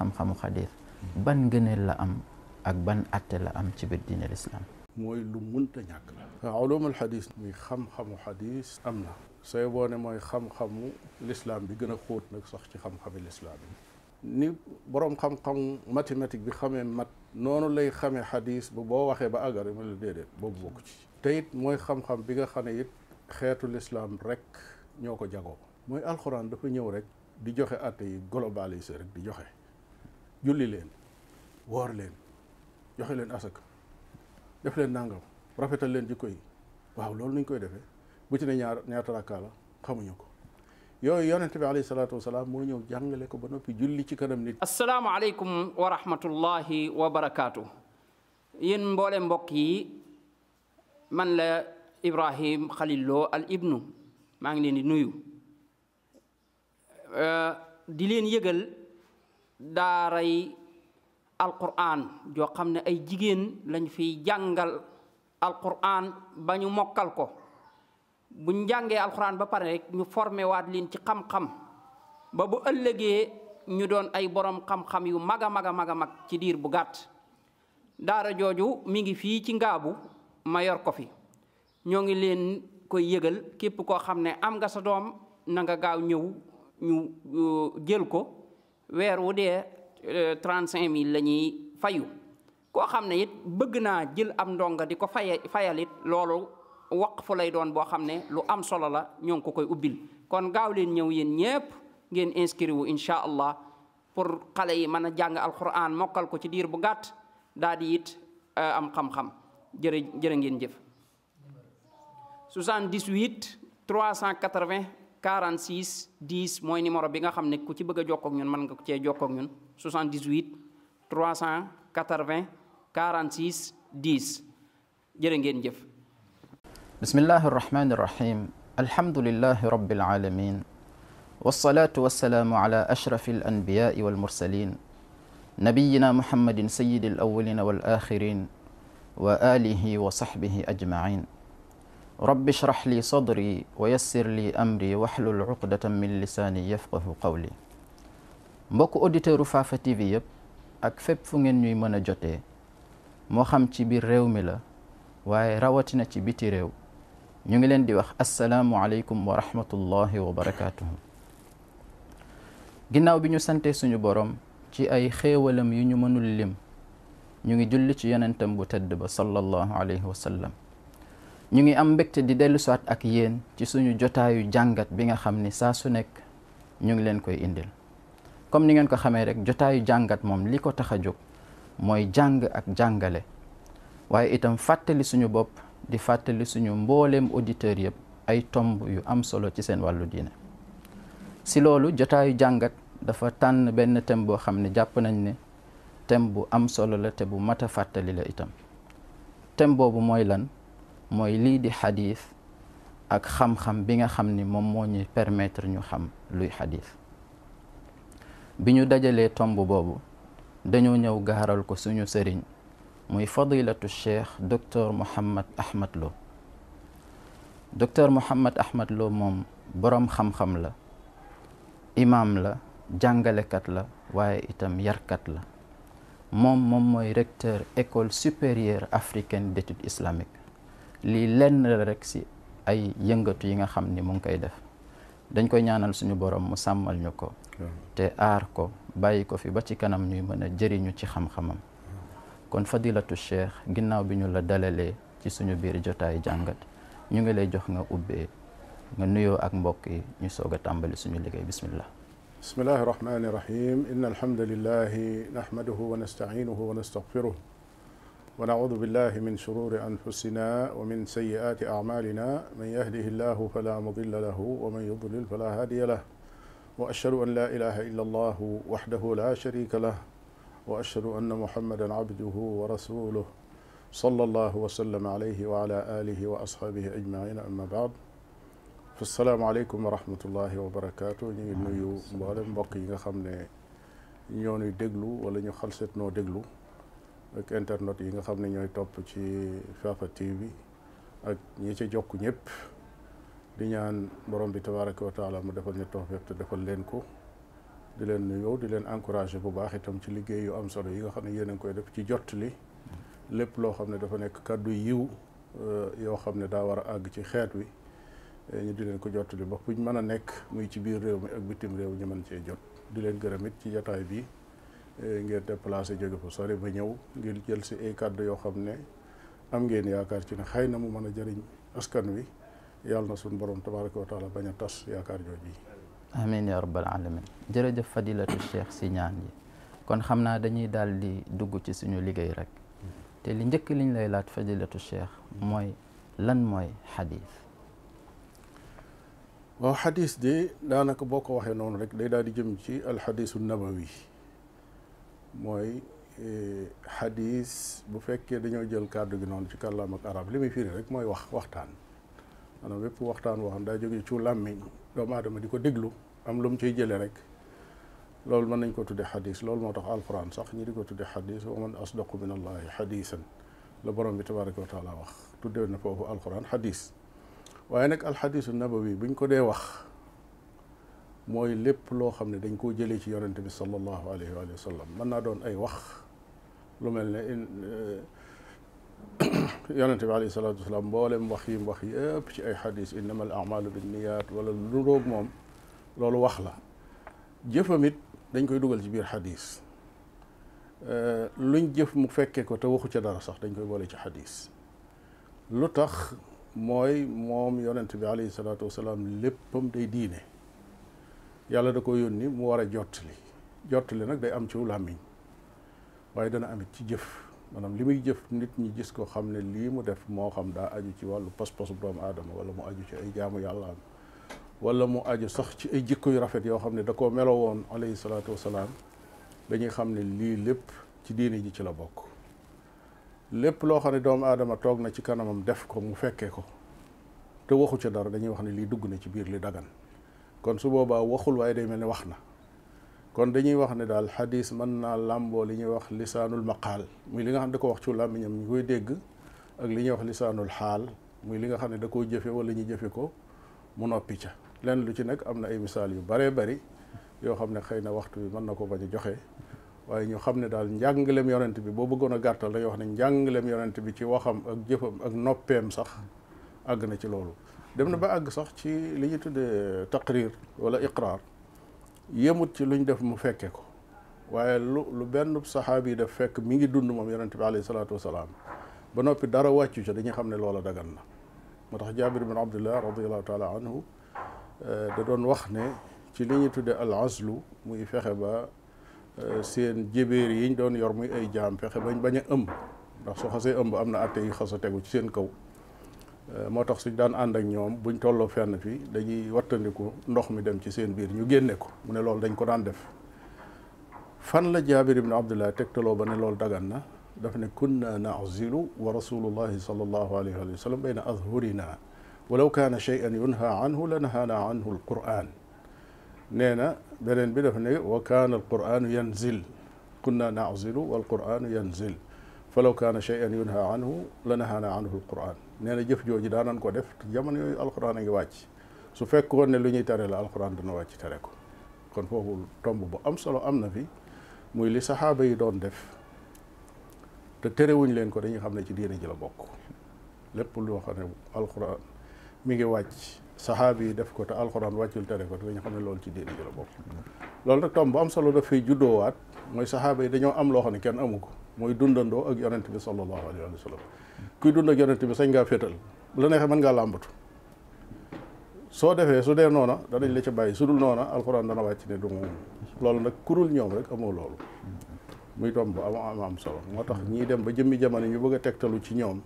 xam-xamu xadis ban ngëneel la am ak ban atte la am ci biir diine lislaam mooy lu munta ñàkk la ulumul muy xam-xamu xadis am na say boone mooy xam-xamu lislaam bi gën a xóot nag sax ci xam-xami lislaam yi ni boroom xam-xam mathématique bi xamee mat noonu lay xamee xadis bu boo waxee ba àggari ma la déedéet boobu bokk ci teyit mooy xam-xam bi nga xam ne it xeetu lislaam rek ñoo ko jagoo mooy alxuraan dafa ñëw rek di joxe àtte yi globalisé rek di joxe julli leen woor leen joxe leen asaka def leen nàngam rafetal leen jikko yi waaw loolu nuñ koy defee bu ci ñaar ñaata xamuñu ko yooyu yonente bi alayhi salaatu wasalaam moo ñëw jàngale ko ba noppi julli ci kanam nit asalaamaaleykum wa rahmatullahi wa barakaatu yéen mboole mbokk yi man la ibrahim xalil al ibnu maa ngi leen di nuyu di leen yëgal daaray alquran joo xam ne ay jigéen lañu fi jàngal alquran ba ñu mokkal ko buñ jàngee alquran ba pare rek ñu formé waat leen ci xam-xam ba bu ëllëgee ñu doon ay boroom xam-xam yu mag a mag a mag a mag ci diir bu gàtt daara jooju mi ngi fii ci ngaabu mayor yor ko fi ñoo ngi leen koy yëgal képp koo xam ne am nga sa doom na gaaw ñëw ñu euh, jël ko weer wu dee euh, trente cinq mille la ñuy fayu koo xam ne it bëgg naa jël am ndonga di ko faye fayal it loolu waqfu lay doon boo xam ne lu am solo la ñoo ngi ko koy ubbil kon gaaw leen ñëw yéen ñëpp ngeen inscrit wu incha allah pour xale yi mën a jàng alquran mokkal ko ci diir bu gàtt daal di it euh, am xam-xam jërë jërë ngeen jëf 78 380 46 10 mooy numéro bi nga xam ne ku ci bëgg a jokkoo ñun mën nga ko cee jokkoo ak ñun 78 380 46 10 ngeen jëf. bismillahi rahmaani rahim alhamdulillahi rabbil alamin wasalaatu wasalaamu ala ashrafi al anbiyaai wal mursalin nabiyina muhammadin sayyidi al awwalina wal axirin wa alihi wa rabbi shrah li sadri wa yassir li amri waxlul uqdatan min lisaani yafqahu qawli mbokk auditeuru Fafa TV yëpp ak fépp fu ngeen ñuy mën a jotee moo xam ci biir réew mi la waaye rawatina ci biti réew ñu ngi leen di wax assalaamu aleykum wa rahmatullahi wa barakaatuhu ginnaaw bi ñu sante suñu borom ci ay xéewalam yu ñu mënul lim ñu ngi julli ci yonentam bu tedd ba sallallahu alayhi wa sallam ñu ngi am mbégte di dellu ak yéen ci suñu jotaayu jàngat bi nga xam ni saa su nekk ñu ngi leen koy indil comme ni ngeen ko xamee rek jotaayu jàngat moom li ko tax a jóg mooy jàng ak jàngale waaye itam fàttali suñu bopp di fàttali suñu mbooleem auditeurs yëpp ay tomb yu am solo ci seen wàllu diine si loolu jotaayu jàngat dafa tànn benn thème boo xam ne jàpp nañ ne thème bu am solo la te bu mat a fàttali la itam thème boobu mooy lan mooy lii di xadis ak xam-xam bi nga xam ni moom moo ñuy permettre ñu xam luy xadis bi ñu dajalee tomb boobu dañoo ñëw gaaral ko suñu sëriñ muy fadilatu cheikh docteur Mouhammad Ahmad Lo docteur Mouhammad Ahmad Lo moom boroom xam-xam la imaam la jàngalekat la waaye itam yarkat la moom moom mooy recteur école supérieure africaine d'études islamiques lii lenn rek si ay yëngatu yi nga xam ni mu ngi koy def dañ koy ñaanal suñu borom mu sàmmal ñu ko te aar ko bàyyi ko fi ba ci kanam ñuy mën a jëriñu ci xam-xamam kon fadilatu cheikh ginnaaw bi ñu la dalalee ci suñu biir jotaay jàngat ñu ngi lay jox nga ubbee nga nuyoo ak mbokk yi ñu soog a tàmbali suñu liggéey bismillah bismillahi rahmani rahim inna alhamdulillahi nahmaduhu wa nastainuhu wa nastaghfiruh ونعوذ بالله من شرور أنفسنا ومن سيئات أعمالنا من يهده الله فلا مضل له ومن يضلل فلا هادي له وأشهد أن لا إله إلا الله وحده لا شريك له وأشهد أن محمدا عبده ورسوله صلى الله وسلم عليه وعلى آله وأصحابه أجمعين أما بعد assalaamu aleykum wa rahmatullahi wa barakaatu ñu ngi nuyu mboolem mbokk yi nga xam ne ñoo ñuy déglu wala ñu xalset noo déglu ak internet yi nga xam ne ñooy topp ci Fafa TV ak ñi ci jokk ñëpp di ñaan borom bi tabaraka wa taala mu defal ñu tawfiq te defal leen ko di leen nuyoo di leen encouragé bu baax itam ci liggéey yu am solo yi nga xam ne yéen a ngi koy def ci jot li lépp loo xam ne dafa nekk kàddu yiw eh, yoo xam ne daa war a àgg ci xeet wi eh, ñu di leen ko jottali ba ñu mën a nekk muy ci biir réew mi ak bitim réew ñu mën cee jot di leen gërëm it ci jotaay bii Eh, ngeen déplacé jóge fa sore ba ñëw ngir jël si ay kàddu yoo xam ne am ngeen yaakaar ci ne xëy na mu mën a jëriñ askan wi yàlla na suñu borom tabaraka wa taala bañ a tas yaakaar jooju amin ya rabbal alamin jërëjëf fadilatu cheikh si ñaan yi kon xam naa dañuy daal di dugg ci suñu liggéey rek te li njëkk liñ lay laaj fadilatu cheikh mooy lan mooy xadis waaw xadis de daanaka boo ko waxee noonu rek day daal di jëm ci alxadisu nabawi mooy e, xadis bu fekkee dañoo jël kàddu gi noonu ci kàllaam ak li may firi rek mooy wax waxtaan maanaam bépp waxtaan waxam daa jóge ci làmmiñ doomu aadama di ko déglu am lu mu ciy jëlee rek loolu mën nañ ko tudde xadis loolu moo tax alquran sax ñi di ko tudde xadis wa man asdaqu min allahi xadisan la borom bi tabaraka wa taala wax tudde na foofu alquran xadis waaye nag alxadisu nabawi buñ ko dee wax mooy lépp loo xam ne dañ koo jëlee ci yonent bi sallallahu alayhi wa sallam mën naa doon ay wax mel ne euh, yonent bi alayhi salaatu wasalaam mboolem wax yi wax yëpp ci ay xadis innama al amalu binniyaat wala lu roog moom loolu wax la jëfamit dañ koy dugal ci biir xadis euh, luñ jëf mu fekkee ko te waxu ca dara sax dañ koy boole ci xadis lu tax mooy moom yonent bi alayhi salaatu wasalaam léppam day diine yàlla da ko yónni mu war a jot jottali jottali nag day am ci làmmiñ waaye dana amit ci jëf maanaam li muy jëf nit ñu gis ko xam ne lii mu def moo xam daa aju ci wàllu pas-pasu doomu adama wala mu aju ci ay jaamu yàlla am wala mu aju sax ci ay jikko yu rafet yoo xam ne da koo melo woon alayhi salaatu wasalaam dañuy xam ne lii lépp ci diini ji ci la bokk lépp loo xam ne doomu aadama toog na ci kanamam def ko mu fekkee ko te waxu ca dara dañuy wax ne lii dugg na ci biir li dagan kon su boobaa waxul waaye day mel ne wax na kon dañuy wax ne daal xadis mën naa làmboo li ñuy wax lisaanul maqaal muy li nga xam ne da wax ci làmmiñam ñu koy dégg ak li ñuy wax lisaanul xaal muy li nga xam ne da koo jëfe wala ñu jëfe ko mu noppi ca lenn lu ci nekk am na ay misaal yu baree bari yoo xam ne xëy na waxtu bi mën na ko bañ a joxe waaye ñu xam ne daal njàngaleem yonent bi boo bëggoon a gàttal dañuy wax ne njàngaleem yonent bi ci waxam ak jëfam ak noppeem sax àgg na ci loolu dem na ba àgg sax ci li ñu tuddee taqrir wala iqraar yemut ci luñ def mu fekke ko waaye lu lu benn saxaabi def fekk mi ngi dund moom yonente bi alayhi salaatu wasalaam ba noppi dara wàccu ca dañuy xam ne loola dagan na moo tax jaabir bin abdullah radiallahu taala anhu eh, da doon wax ne ci li ñu tuddee al azlu muy fexe ba eh, seen jébéer yiñ doon yor muy ay jaam fexe bañ bañ a ëmb ndax su xasee ëmb am na atte yu xas tegu ci seen kaw Euh, moo tax suñ daan ànd ak ñoom buñ tolloo fenn fii dañuy wattandiku ndox mi dem ci seen biir ñu génne ko mu ne loolu dañ ko daan def fan la jaabir ibn abdullah tegtaloo ba ne loolu dagan na daf ne kunna nazilu wa rasulullahi sallallahu alayhi wa sallam bayna azhurina walaw kaana cheyan yunha anhu la nahaana anhu alquran nee na beneen bi daf ne wa kaana alquranu yanzil kunna nazilu walquranu yanzil falaw kaana cheyan yunha anhu la nahaana anhu alquran nee na jëf jooju daanan ko def jamono yooyu alxuraan a ngi wàcc su woon ne lu ñuy tere la alxuraan dana wàcc tere ko kon foofu tomb bu am solo am na fi muy li saxaaba yi doon def te terewuñ leen ko dañuy xam ne ci diine ji la bokk lépp loo xam ne alxuraan mi ngi wàcc saxaaba yi def ko te alxuraan wàccul tere ko te dañu xam ne loolu ci diine ji la bokk loolu nag tomb bu am solo daf fiy juddoowaat mooy saxaaba yi dañoo am loo xam ne kenn amu ko mooy dundandoo ak yonent bi sallallahu alayhi wa sallam kuy dund ak yonent bi sañ ngaa féetal bu la neexee mën ngaa làmbatu soo defee su dee noona danañ la ci bàyyi su dul noona alxuraan dana wàcc ne du mu loolu nag kurul ñoom rek amoo loolu muy tomb bu am am solo moo tax ñii dem ba jëmmi jamono ñu bëgg a tegtalu ci ñoom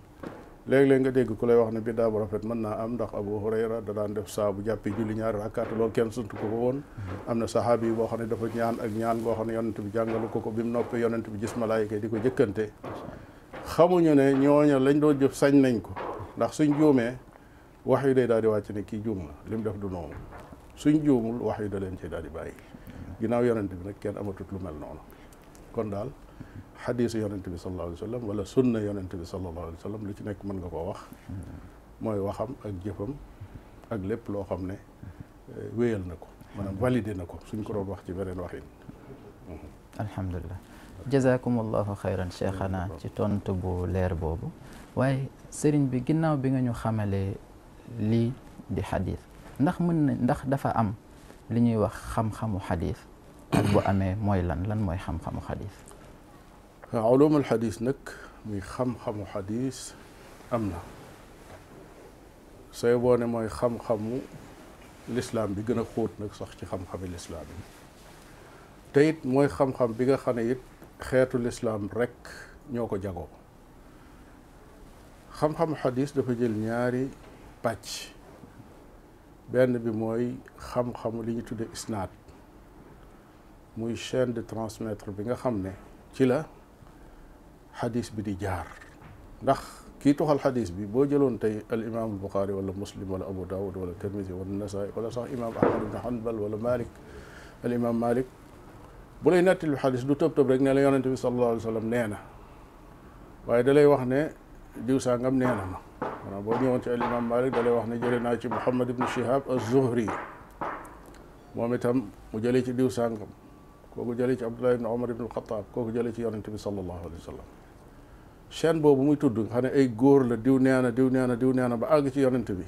léeg-léeg nga dégg ku lay wax ne biddaa bu rafet mën naa am ndax abu hurayra da daan def saa bu jàppee julli ñaari rakkaat loolu kenn sunt ko ko woon mm-hmm. am na sahaabi yi boo xam ne dafa ñaan ak ñaan boo xam ne yonent bi jàngalu ko ko bi mu noppee yonent bi gis malaayika yi di ko jëkkante xamuñu ne ñooña lañ doo jëf sañ nañ ko ndax suñ juumee wax yu day daal di wàcc ne kii juum na li mu def du noonu suñ juumul wax yu da leen ci daal di bàyyi mm-hmm. ginnaaw yonent bi nag kenn amatut lu mel noonu kon daal xadiisu yonent bi sallallahu alayhi wa sallam wala sunna yonent bi sallallahu alayhi wa lu ci nekk mën nga koo wax mooy waxam ak jëfam ak lépp loo xam ne eh, wéyal na ko maanaam validé na ko suñ ko doon wax ci beneen waxin alhamdulilah jazakum allahu xayran cheikhana ci tontu bu leer boobu waaye sëriñ bi ginnaaw bi nga ñu xamalee lii di xadis ndax mën na ndax dafa am li ñuy wax xam-xamu xadis ak bu amee mooy lan lan mooy xam-xamu xadis ulumul xadis nag muy xam-xamu am na sooy boone mooy xam-xamu lislaam bi gën a xóot nag sax ci xam-xami lislaam yi te mooy xam-xam bi nga xam ne it xeetu lislaam rek ñoo ko jagoo xam-xamu xadis dafa jël ñaari pàcc benn bi mooy xam-xamu li ñu tudde isnaad muy chaîne de transmettre bi nga xam ne ci la xadis bi di jaar ndax kii toxal xadis bi boo jëloon tey al imaam al buxaari wala muslim wala abu daawud wala tirmisi wala nasaay wala sax imaam ahmad ibn hanbal wala malik al imaam malik bu lay nettali xadis du tëb tëb rek ne la yonente bi sallallahu alayhi wa sallam nee na waaye da lay wax ne diw sangam nee na ma maanaam boo ñëwoon ci al imaam malik da lay wax ne jëlee naa ci muhammad ibn shihab az-zuhri moom itam mu jëlee ci diw sangam kooku jëlee ci abdullah ibn umar ibn al-xattaab kooku jëlee ci yonente bi sallallahu alayhi wa sallam chaîne boobu muy tudd xam ne ay góor la diw nee na diw nee na diw nee na ba àgg ci yonent bi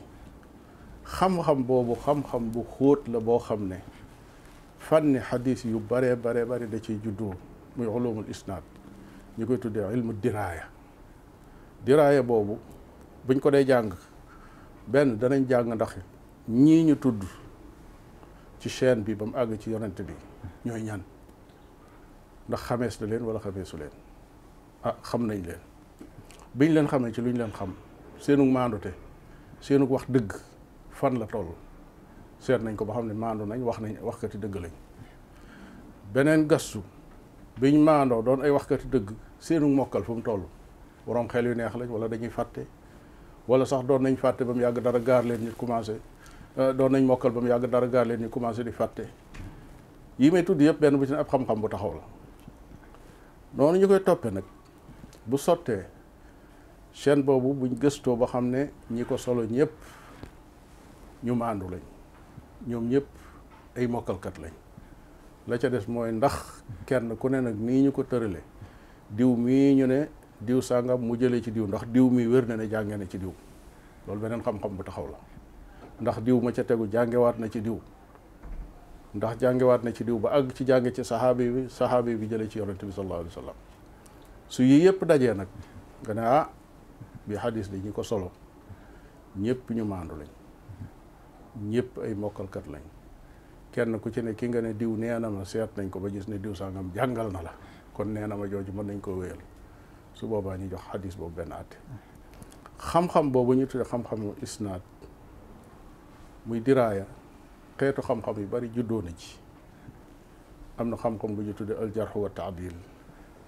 xam-xam boobu bu xóot la boo xam ne fànni xadis yu bare bare bare da ciy juddoo muy ulumul isnaad ñu koy tuddee ilmu diraaya diraaya boobu buñ ko dee jàng benn danañ jàng ndax ñii ñu tudd ci chaîne bi ba mu àgg ci yonent bi ñooy ñan ndax xamees na leen wala xameesu leen ah xam nañ leen biñ leen xamee ci ñu leen xam seenug maandute seenug wax dëgg fan la toll seet nañ ko ba xam ne maandu nañ wax nañ waxkati dëgg lañ beneen gastu biñ maandoo doon ay waxkati dëgg seenug mokkal fu mu toll borom xel yu neex lañ wala dañuy fàtte wala sax doon nañ fàtte ba mu yàgg dara gaar leen ñu commencé euh, doon nañ mokkal ba mu yàgg dara gaar leen ñu commencé di fàtte yi may tudd yëpp benn bu ci ne ab xam-xam bu taxaw la noonu ñu koy nag bu sottee chaîne boobu buñ gëstoo ba xam ne ñi ko solo ñëpp ñu maandu lañ ñoom ñëpp ay mokkalkat lañ la ca des mooy ndax kenn ku ne nag nii ñu ko tërale diw mii ñu ne diw sàngam mu jëlee ci diw ndax diw mi wér na ne jànge na ci diw loolu beneen xam-xam bu taxaw la ndax diw ma ca tegu jàngewaat na ci diw ndax jàngewaat na ci diw ba àgg ci jànge ci saxaabi bi saxaabi bi jëlee ci yonente bi sallallahu alayhi wa sallam su yii yëpp dajee nag nga ne ah bi xadis bi ñu ko solo ñépp ñu maandu lañ ñëpp ay mokkalkat lañ kenn ku ci ne ki nga ne diw nee na ma seet nañ ko ba gis ne diw sangam jàngal na la kon nee na ma jooju mën nañ koo wéyal su boobaa ñu jox xadis boobu benn àtte xam-xam boobu ñu tuddee xam-xamu isnaad muy diraaya xeetu xam-xam yu bari juddoo na ci am na xam-xam bu ñu tuddee aljarxu wa taadil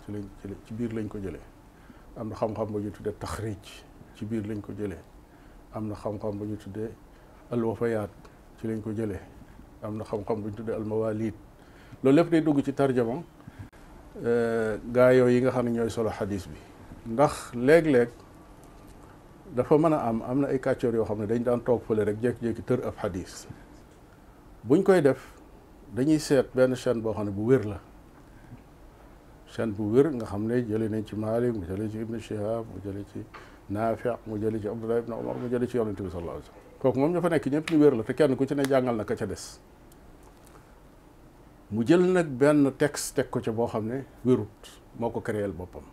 ci ci biir lañ ko jëlee am na xam-xam bu ñu tuddee taxriij ci biir lañ ko jëlee am na xam-xam bu ñu tuddee alwafayaat ci lañ ko jëlee am na xam-xam bu ñu tuddee almawaalid loolu lépp day dugg ci tarjama euh, gaa yooyu yi nga xam ne ñooy solo xadis bi ndax léeg-léeg dafa mën a am am na ay kàccoor yoo xam ne dañ daan toog fële rek jékki-jékki tër ab xadis buñ koy def dañuy seet benn chaîne boo xam ne bu wér la chan bu wér nga xam ne jëlee nañ ci Malik mu jëlee ci Ibn Shihab mu jëlee ci Nafi mu jëlee ci Abdullah ibn Omar mu jëlee ci yonente bi sallallahu alayhi wa sallam kooku moom ña fa nekk ñëpp ñu wér la te kenn ku ci ne jàngal na ka ca des mu jël nag benn texte teg ko ca boo xam ne wérut moo ko créel boppam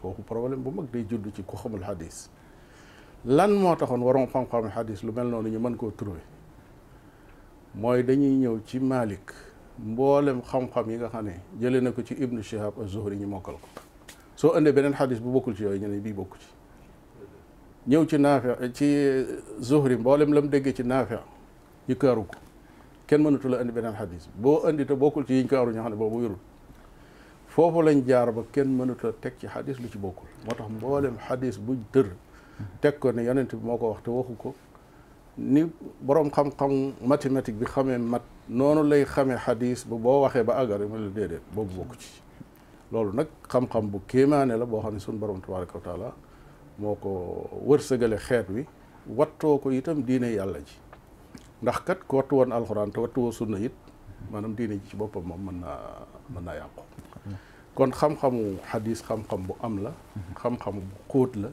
foofu problème bu mag day judd ci ku xamul hadis lan moo taxoon waroon xam-xam hadis lu mel noonu ñu mën koo trouver mooy dañuy ñëw ci Malik mboolem xam-xam yi nga xam ne jëlee na ko ci ibnu shihab az-zuhri ñu mokkal ko soo indee beneen xadis bu bokkul ci yooyu ñu bii bokku ci ñëw ci naafi ci zuhri mboolem la mu déggee ci naafi ñu kaaru ko kenn mënatu la indi beneen xadis boo indi te bokkul ci yiñ kaaru ñoo xam ne boobu wérul foofu lañ jaar ba kenn mënatu la teg ci xadis lu ci bokkul moo tax mboolem xadis buñ tër teg ko ne yonent bi moo ko wax te waxu ko ni boroom xam-xam mathématique bi noonu lay xamee xadiis bu boo waxee ba àggar mu la déedéet boobu bokk ci loolu nag xam-xam bu kéemaane la boo xam ne suñu borom tabaraka wa moo ko sëgale xeet wi wattoo ko itam diine yàlla ji ndax kat ku wattu woon alxuraan te wattu woo sunna it maanaam diine ji ci boppam moom mën naa mën naa yàqu kon xam-xamu xadiis xam-xam bu am la xam xamu bu xóot la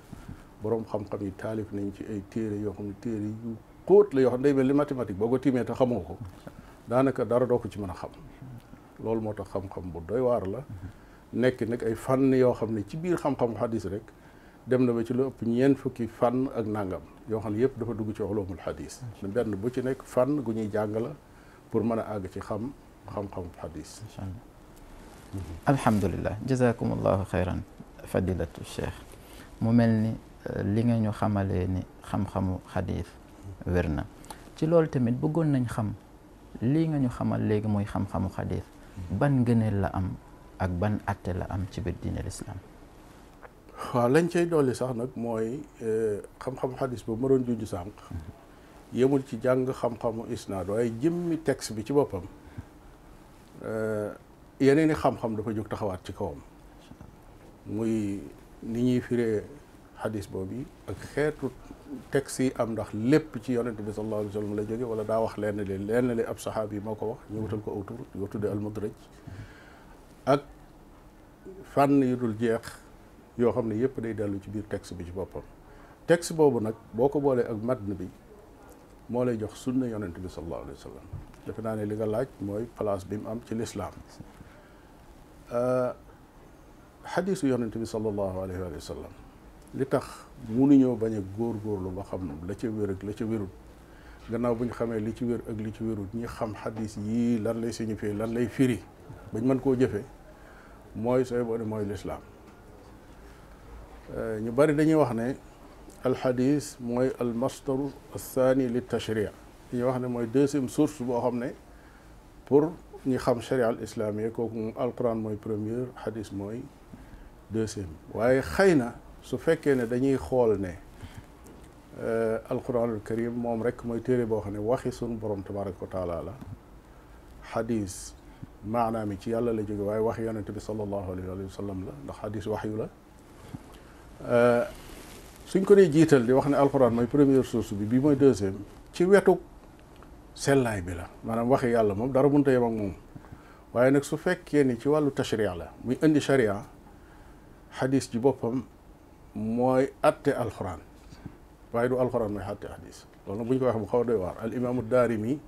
boroom xam-xam yi taalif nañ ci ay téere yoo xam ne téere yu xóot la yoo xam ne day mel tiimee te xamoo ko daanaka dara doo ko ci mën a xam loolu moo tax xam-xam bu doy waar la nekk nag ay fànn yoo xam ne ci biir xam-xam xadis rek dem na ba ci lu ëpp ñeent fukki fànn ak nangam yoo xam ne yëpp dafa dugg ci ulumul xadis ne benn bu ci nekk fànn gu ñuy jàng la pour mën a àgg ci xam xam-xam xadis mhm. alhamdulilah jazakumullahu xayran fadilatu cheikh mu mel ni euh, li nga ñu xamalee ni xam-xamu mhm. na ci loolu tamit bëggoon nañ xam lii nga ñu xamal léegi muy xam-xamu xadis mm-hmm. ban ngëneel la am ak ban atte la am ci biir diine lislaam waaw lañ cay dolli sax nag mooy eh, xam-xamu xadis boobu ma doon junj sànq mm-hmm. yemul ci jàng xam-xamu isnaad waaye jëmmi texte bi ci boppam eh, yeneen i xam-xam dafa jóg taxawaat ci kawam muy ni ñuy firee xadis boobu ak xeetu texte yi am ndax lépp ci yonent bi sallallahu alayhi wa la jóge wala daa wax lenn li lenn li ab saxaab yi moo ko wax ñu wutal ko autour di ko tudde almudraj ak fànn yu dul jeex yoo xam ne yëpp day dellu ci biir texte bi ci boppam texte boobu nag boo ko boolee ak matn bi moo lay jox sunna yonent bi sallallahu alayhi wa defe naa ne li nga laaj mooy place bi mu am ci lislaam euh, xadiisu yonent bi sallallahu alayhi wa sallam li tax munuñoo bañ góor góorgóorlu ba xam la ca wér ak la ca wérut gannaaw bu ñu xamee li ci wér ak li ci wérut ñi xam xadis yii lan lay signifié lan lay firi bañ man koo jëfee mooy sooy boo ne mooy lislaam euh, ñu bari dañuy wax ne alxadis mooy almastaru althani li tashri dañuy wax ne mooy deuxième source boo xam ne pour ñi xam sharia al islamiyya kooku moom alquran mooy premier xadis mooy deuxième waaye xëy na su fekkee ne dañuy xool ne euh, alquranul karim moom rek mooy téere boo xam ne waxi sunu borom tabaraka wa taala la xadis maanaam yi ci yàlla la jóge waaye wax yonente bi salallahu alayhi wa sallam la ndax xadis waxyu la euh, suñ ko dee jiital di wax ne alquran mooy première source bi bii mooy deuxième ci wetu sellaay bi la maanaam waxi yàlla moom dara mënta yem ak moom waaye nag su fekkee ni ci wàllu tashriya la muy indi sharia xadis ji boppam mooy atte alxuraan waaye du alxuraan mooy atte hadis loolu nag bu ñu ko waxee bu xaw a doy waar al imaamu daarimi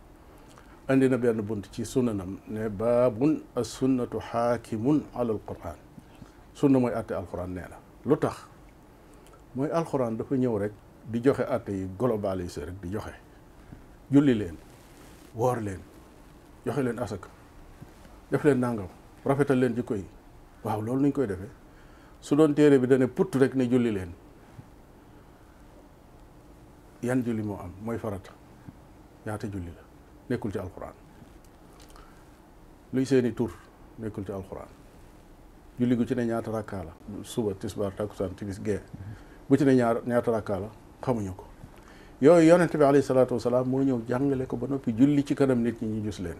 indi na benn bunt ci sunnanam ne baabun as sunnatu xaakimun ala alquran sunna mooy atte alxuraan nee la lu tax mooy alxuraan dafa ñëw rek di joxe atte yi globalisé rek di joxe julli leen woor leen joxe leen asaka def leen nangam rafetal leen jikko yi waaw loolu nañ koy defee su doon téere bi dane putt rek ne julli leen yan julli moo am mooy farata ñaata julli la nekkul ci alxuraan luy seeni tur nekkul ci alxuraan julli gu ci ne ñaata rakkaa la suba tisbaar takkusaan timis gee bu ci ñaar ñaata rakkaa la xamuñu ko yooyu yonent bi alayhi salaatu wasalaam moo ñëw jàngale ko ba noppi julli ci kanam nit ñi ñu gis leen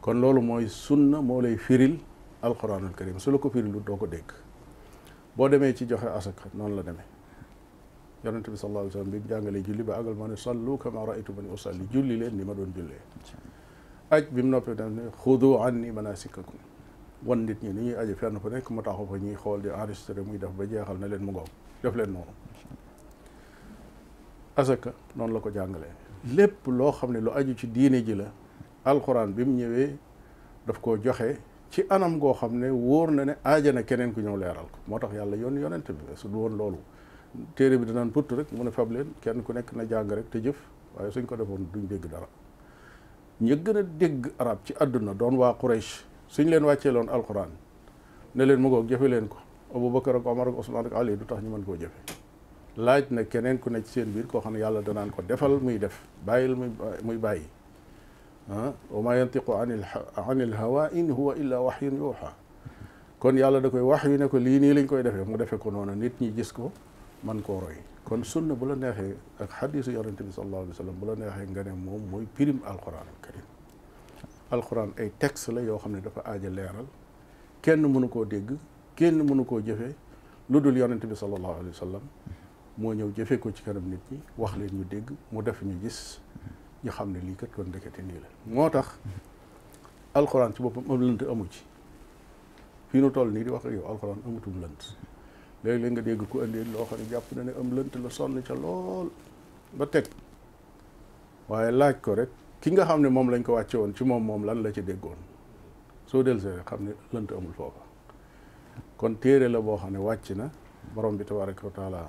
kon loolu mooy sunna moo lay firil alxuraanul karim su la ko firilul doo ko dégg boo demee ci joxe asaka noonu la demee yonente bi sallallahu alayhi wa sallam bi mu jàngalee julli ba àggal moo ne sallu kama raaytumuni usalli julli leen ni ma doon jullee aj bi mu noppee daf ne xudu anni manasikakum wan nit ñi ni ñuy aje fenn fu nekk mu taxaw fa ñuy xool di enregistré muy def ba jeexal na leen mu ngoog def leen noonu asaka noonu la ko jàngalee lépp loo xam ne lu aju ci diine ji la alxuraan bi mu ñëwee daf koo joxe ci anam goo xam ne wóor na ne aajana keneen ku ñëw leeral ko moo tax yàlla yoon yonent bi su woon loolu téere bi danaan putt rek mun a fab leen kenn ku nekk na jàng rek te jëf waaye suñ ko defoon duñ dégg dara ñu gën a dégg arab ci àdduna doon waa Quraysh suñ leen wàccee loon alquran ne leen mu ngoog jëfe leen ko Abubakar ak Omar ak Osman ak Ali du tax ñu mën koo jëfe laaj na keneen ku ne ci seen biir koo xam ne yàlla danaan ko defal muy def bàyyil muy muy bàyyi wa maa yantiqu anil anil hawa in huwa illa kon yàlla da koy wax yu ne ko lii nii lañ koy defee mu defee ko noonu nit ñi gis ko man koo roy kon sunna bu la neexee ak xadiisu yonente bi sallallahu alayhi wa sallam bu la neexee nga ne moom mooy pirim alquran alxuraan ay texte la yoo xam ne dafa aaja leeral kenn mënu koo dégg kenn mënu koo jëfee lu dul yonente bi sallallahu alayhi wa sallam moo ñëw jëfee ko ci kanam nit ñi wax leen ñu dégg mu def ñu gis ñu xam ne lii kat kon ndekete nii la moo tax alxuraan ci boppam am lënt amu ci fii nu toll nii di wax ak yow alxuraan amatum lënt léeg-léeg nga dégg ku indi loo xam ne jàpp na am lënt la sonn ca lool ba teg waaye laaj ko rek ki nga xam ne moom lañ ko wàcce woon ci moom moom lan la ci déggoon soo dellusee rek xam ne lënt amul foofa kon téere la boo xam ne wàcc na borom bi tabaraka wa taala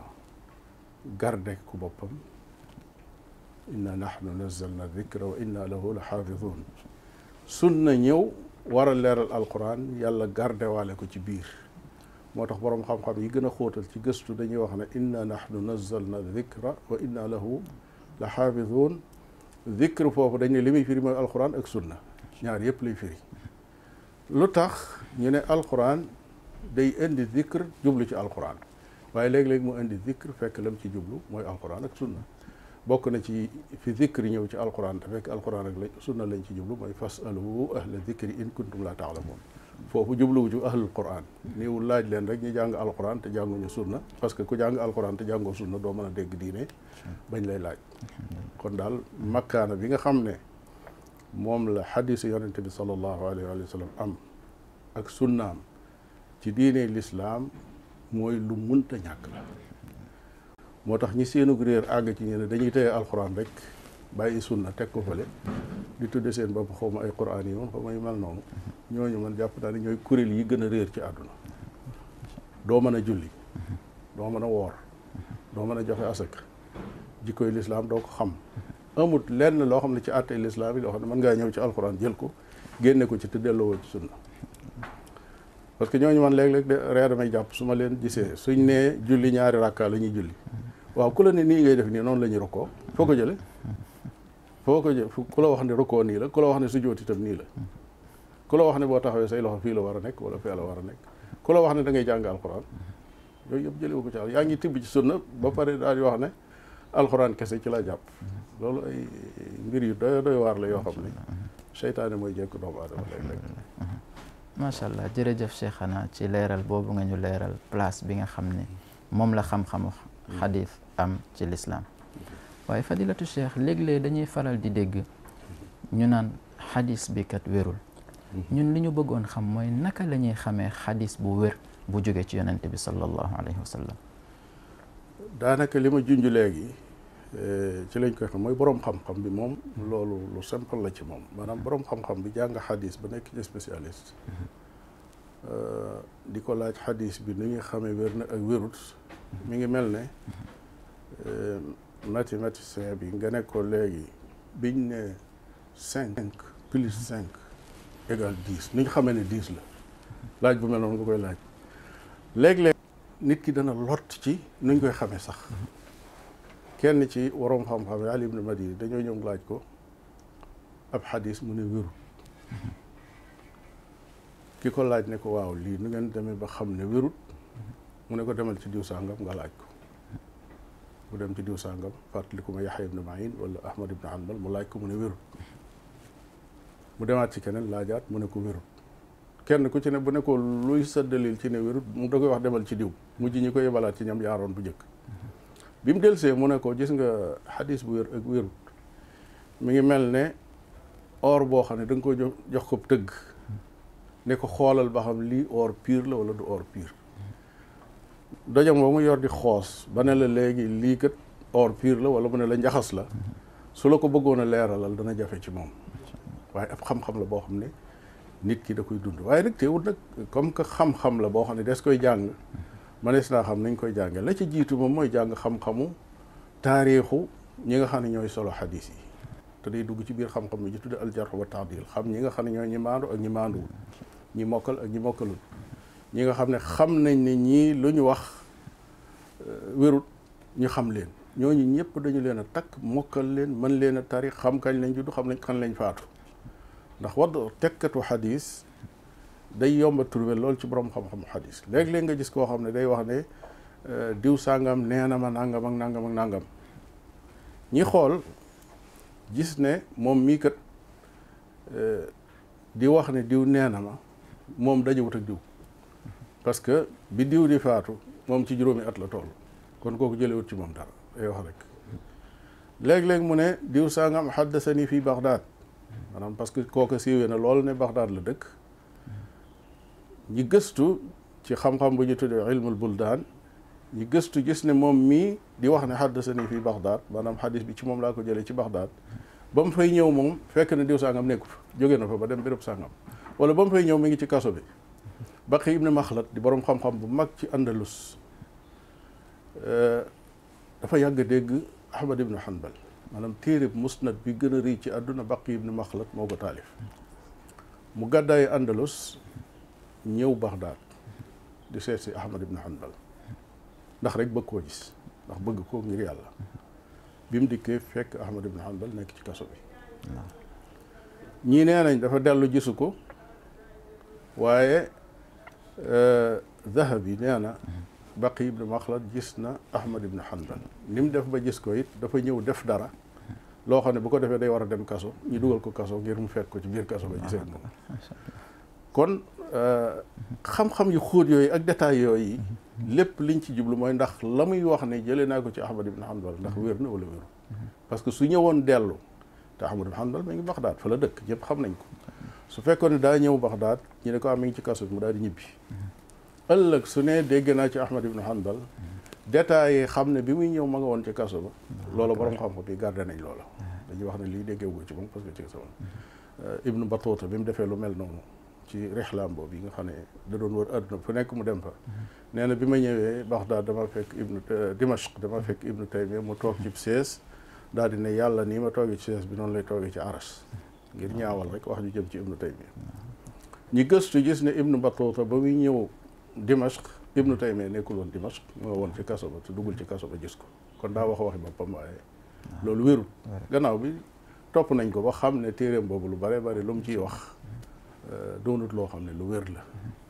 garde ku boppam inna nahnu nazzalna dikra wa inna lahu la xaafidun sunna ñëw war a leeral alquran yàlla gardewaale ko ci biir moo tax boroom xam-xam yi gën a xootal ci gëstu dañuy wax ne inna nahnu nazzalna dikra wa inna lahu la xaafidun dikr foofu dañ ne li muy firi mooy alquran ak sunna ñaar yëpp lay firi lu tax ñu ne alquran day indi dikr jublu ci alquran waaye léeg-léeg mu indi dikr fekk lam ci jublu mooy alquran ak sunna bokk na ci fi zikri ñëw ci alquran te fekk alquran rek lañ sunna lañ ci jublu mooy fasalu ahla zikri in kuntum la taalamuun foofu jubluwu ci ahlul quran niwul laaj leen rek ñu jàng alquran te jànguñu sunna parce que ku jàng alquran te jàngoo sunna doo mën a dégg diine bañ lay laaj kon daal makkaana bi nga xam ne moom la xadisu yonente bi salallahu alayhi wa sallam am ak sunnaam ci diine lislaam mooy lu munta ñàkk la moo tax ñi seenug réer àgg ci ñu ne dañuy téye alxuraan rek bàyyi sunna teg ko fële di tudde seen bopp xaw ma ay quraan yi moom xaw ma yu mel noonu ñooñu man jàpp naa ne ñooy kuréel yi gën a réer ci àdduna doo mën a julli doo mën a woor doo mën a joxe asak jikkoy lislaam doo ko xam amut lenn loo xam ne ci àttee lislaam yi loo xam ne mën ngaa ñëw ci alxuraan jël ko génne ko ci te delloo ci sunna parce que ñooñu man léeg-léeg de reer damay jàpp su ma leen gisee suñ nee julli ñaari rakka la ñuy julli waaw ku la ne nii ngay def nii noonu la ñu rukkoo foo ko jële foo ko jële ku la wax ne rukkoo nii la ku la wax ne sujjóot tam nii la ku la wax ne boo taxawee say loxo fii la war a nekk wala fii la war a nekk ku la wax ne da ngay jàng alxuraan yooyu yëpp jëlee ko ci yaa ngi tibb ci sunna ba pare daal wax ne alxuraan kese ci la jàpp loolu ay mbir yu doy doy waar la yoo xam ne seytaane mooy jekk doomu aadama lay rek macha allah jërëjëf Cheikhana ci leeral boobu nga ñu leeral place bi nga xam ne moom la xam-xamu xadiis am ci lislaam waaye fadilatu cheikh léeg-léeg dañuy faral di dégg ñu naan xadis bi kat wérul ñun li ñu bëggoon xam mooy naka lañuy ñuy xamee xadis bu wér bu jóge ci yonente bi sallallahu alayhi wa sallam daanaka li ma junj léegi eh, ci lañ koy xam mooy boroom xam-xam bi moom loolu lu simple la ci moom maanaam boroom xam-xam bi jàng xadis ba nekk ci spécialiste eh, di ko laaj xadis bi ni nga xamee wérut mi ngi mel ne Ehm, mathématicien bi nga ne ko léegi biñ ne cinq plus cinq égale dix ni ñu xamee ne la laaj bu mel nga koy laaj léeg-léeg nit ki dana lott ci nu koy xamee sax kenn ci waroom xam-xam yi Ali ibn Madini dañoo ñëw laaj ko ab xadis mu ne wérut ki ko laaj ne ko waaw lii nu ngeen demee ba xam ne wérut mu ne ko demal ci diw sàngam nga laaj ko bu dem ci diw sàngam fàttaliku ma Yaxya ibn Maïn wala Ahmad ibn Hanbal mu laaj ko mu ne wérut mu demaat ci keneen laajaat mu ne ko wérut kenn ku ci ne bu ne ko luy sa dalil ci ne wérut mu da koy wax demal ci diw mujj ñi koy yebalaat ci ñam yaaroon bu jëkk bi mu delsee mu ne ko gis nga xadis bu wér ak wérut mu ngi mel ne or boo xam ne da nga ko jox ko tëgg ne ko xoolal ba xam li or piir la wala du or piir dojam boo mu yor di xoos ba ne la léegi lii kat or pur la wala mu ne la njaxas la su la ko bëggoon a leeralal dana jafe ci moom waaye ab xam-xam la boo xam ne nit ki da koy dund waaye nag teewut nag comme que xam-xam la boo xam ne des koy jàng manees naa xam nañ koy jànge la ci jiitu moom mooy jàng xam-xamu taarixu ñi nga xam ne ñooy solo xadis yi te day dugg ci biir xam-xam bi ñu tudde aljarh wa taadil xam ñi nga xam ne ñooy ñi maandu ak ñi maanduwul ñi mokkal ak ñi mokkalul ñi nga xam ne xam nañ ne ñii lu ñu wax euh, wérut ñu xam leen ñooñu ñëpp dañu leen a takk mokkal leen mën leen a tari xam kañ lañ judd xam nañ kan lañ faatu ndax wadd tekkatu xadis day yomba trouver loolu ci borom xam-xam xadis léeg leen nga gis koo xam ne day wax ne euh, diw sàngam nee na ma nàngam ak nàngam ak nàngam ñi xool gis ne moom mii kat euh, di wax ne diw nee na ma moom dajewut ak diw parce que bi diw di faatu moom ci juróomi at la toll kon kooku jëlewut ci moom dara ay wax léeg mu ne diw sangam haddasani fii Baghdad maanaam parce que kooku siiwee na lool ne Baghdad la dëkk ñi gëstu ci xam bu ñu tuddee ilmul buldaan ñi gëstu gis ne moom mii di wax ne haddasani fii Baghdad maanaam hadis bi ci moom laa ko jëlee ci Baghdad ba mu fay ñëw moom fekk na diw sangam nekku fa jóge na fa ba dem béréb sangam wala ba mu fay ñëw mi ngi ci kaso bi baqi ibn maxlat di borom xam-xam bu mag ci andalus eh, dafa yàgg dégg ahmad ibn hanbal maanaam téereb musnad bi gën a rëy ci àdduna baqi ibn maxlat moo ko taalif mu gàddaayi andalus ñëw baxdaad di seet si ahmad ibn hanbal ndax rek bëgg koo gis ndax bëgg koo ngir yàlla bi mu dikkee fekk ahmad ibn hanbal nekk ci kaso bi ñii nee nañ dafa dellu gisu ko waaye Dahabi nee na Baqi ibnu Maxlad gis na Ahmad ibnu Hanbal ni mu def ba gis ko it dafa ñëw def dara loo xam ne bu ko defee day war a dem kaso ñu dugal ko kaso ngir mu fekk ko ci biir kaso ba gisee moom kon euh, xam-xam yu xóot yooyu ak détails yooyu lépp liñ ci jublu mooy ndax la muy wax ne jëlee naa ko ci Ahmad ibnu Hanbal ndax wér na wala wéru parce que su ñëwoon dellu te Ahmad ibnu Hanbal ma ngi Baxdaad fa la dëkk ñëpp xam nañ ko su fekkoon ne daa ñëw Baxdaad ñu ne ko am ah, mi ngi ci kaso bi mu daal di ñibbi ëllëg su nee dégg naa ci Ahmad ibn Hanbal détails yi xam ne bi muy ñëw ma nga woon ci kaso ba loola borom xam ko bi gardé nañ loola dañuy wax ne lii déggewu ko ci moom parce que ci kaso woon euh, Ibn Battuta bi mu defee lu mel noonu ci rixlaam boobu yi nga xam ne da doon wër àdduna fu nekk mu dem fa nee na bi ma ñëwee Baxdaad dama fekk ibnu euh, Dimashq dama fekk ibnu Taymiya mu toog ci sees daal di ne yàlla nii ma toogee ci sees bi noonu lay toogee ci aras ngir ñaawal rek wax ju jëm ci ibnu taymiya ñi gëstu gis ne ibnu batuta ba muy ñëw dimashq ibnu taymiya nekkul woon dimashq moo woon ci kaso ba te duggul ci kaso ba gis ko kon daa wax waxi boppam waaye loolu wérul gannaaw bi topp nañ ko ba xam ne téere boobu lu bare bari lu mu ciy wax euh, doonut loo xam ne lu wér la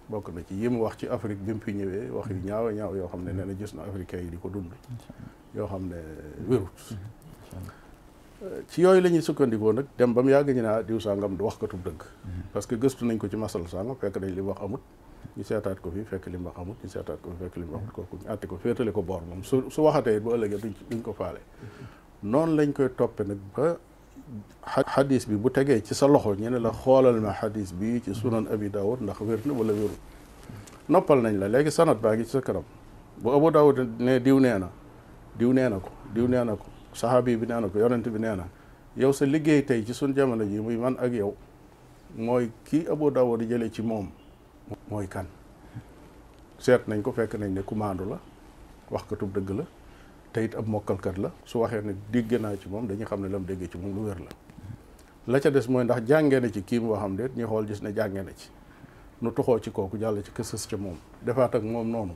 bokk na ci yi mu wax ci Afrique bi mu fi ñëwee wax yu ñaaw ñaaw yoo xam ne nee na gis na africain yi di ko dund yoo xam ne wérut ci yooyu lañuy sukkandikoo nag dem ba mu yàgg ñu ne ah diw sàngam du wax ko tub dëgg. parce que gëstu nañ ko ci masal sàngam fekk nañ li wax amut. ñu seetaat ko fi fekk li mu wax amut ñu seetaat ko fi fekk li mu wax amut kooku ñu àtte ko féetale ko boor moom su su waxatee it bu ëllëgee duñ ko faale. noonu lañ koy toppee nag ba xadiis bi bu tegee ci sa loxo ñu ne la xoolal ma xadis bi ci sunan abi daawud ndax wér na wala wérul noppal nañ la léegi sanat baa ngi sa kanam bu abu daawud ne diw nee na diw nee na ko diw nee na ko. saxaabi bi nee na ko yonent bi nee na yow sa liggéey tey ci suñ jamono ji muy man ak yow mooy kii Abu di jëlee ci moom mooy kan seet nañ ko fekk nañ ne commande la wax katub dëgg la te it ab mokkalkat la su waxee ne dégg naa ci moom dañuy xam ne la mu déggee ci moom lu wér la la ca des mooy ndax jàngee na ci kii mu waxam de ñu xool gis ne jàngee na ci nu toxoo ci kooku jàll ci kësës ca moom defaat ak moom noonu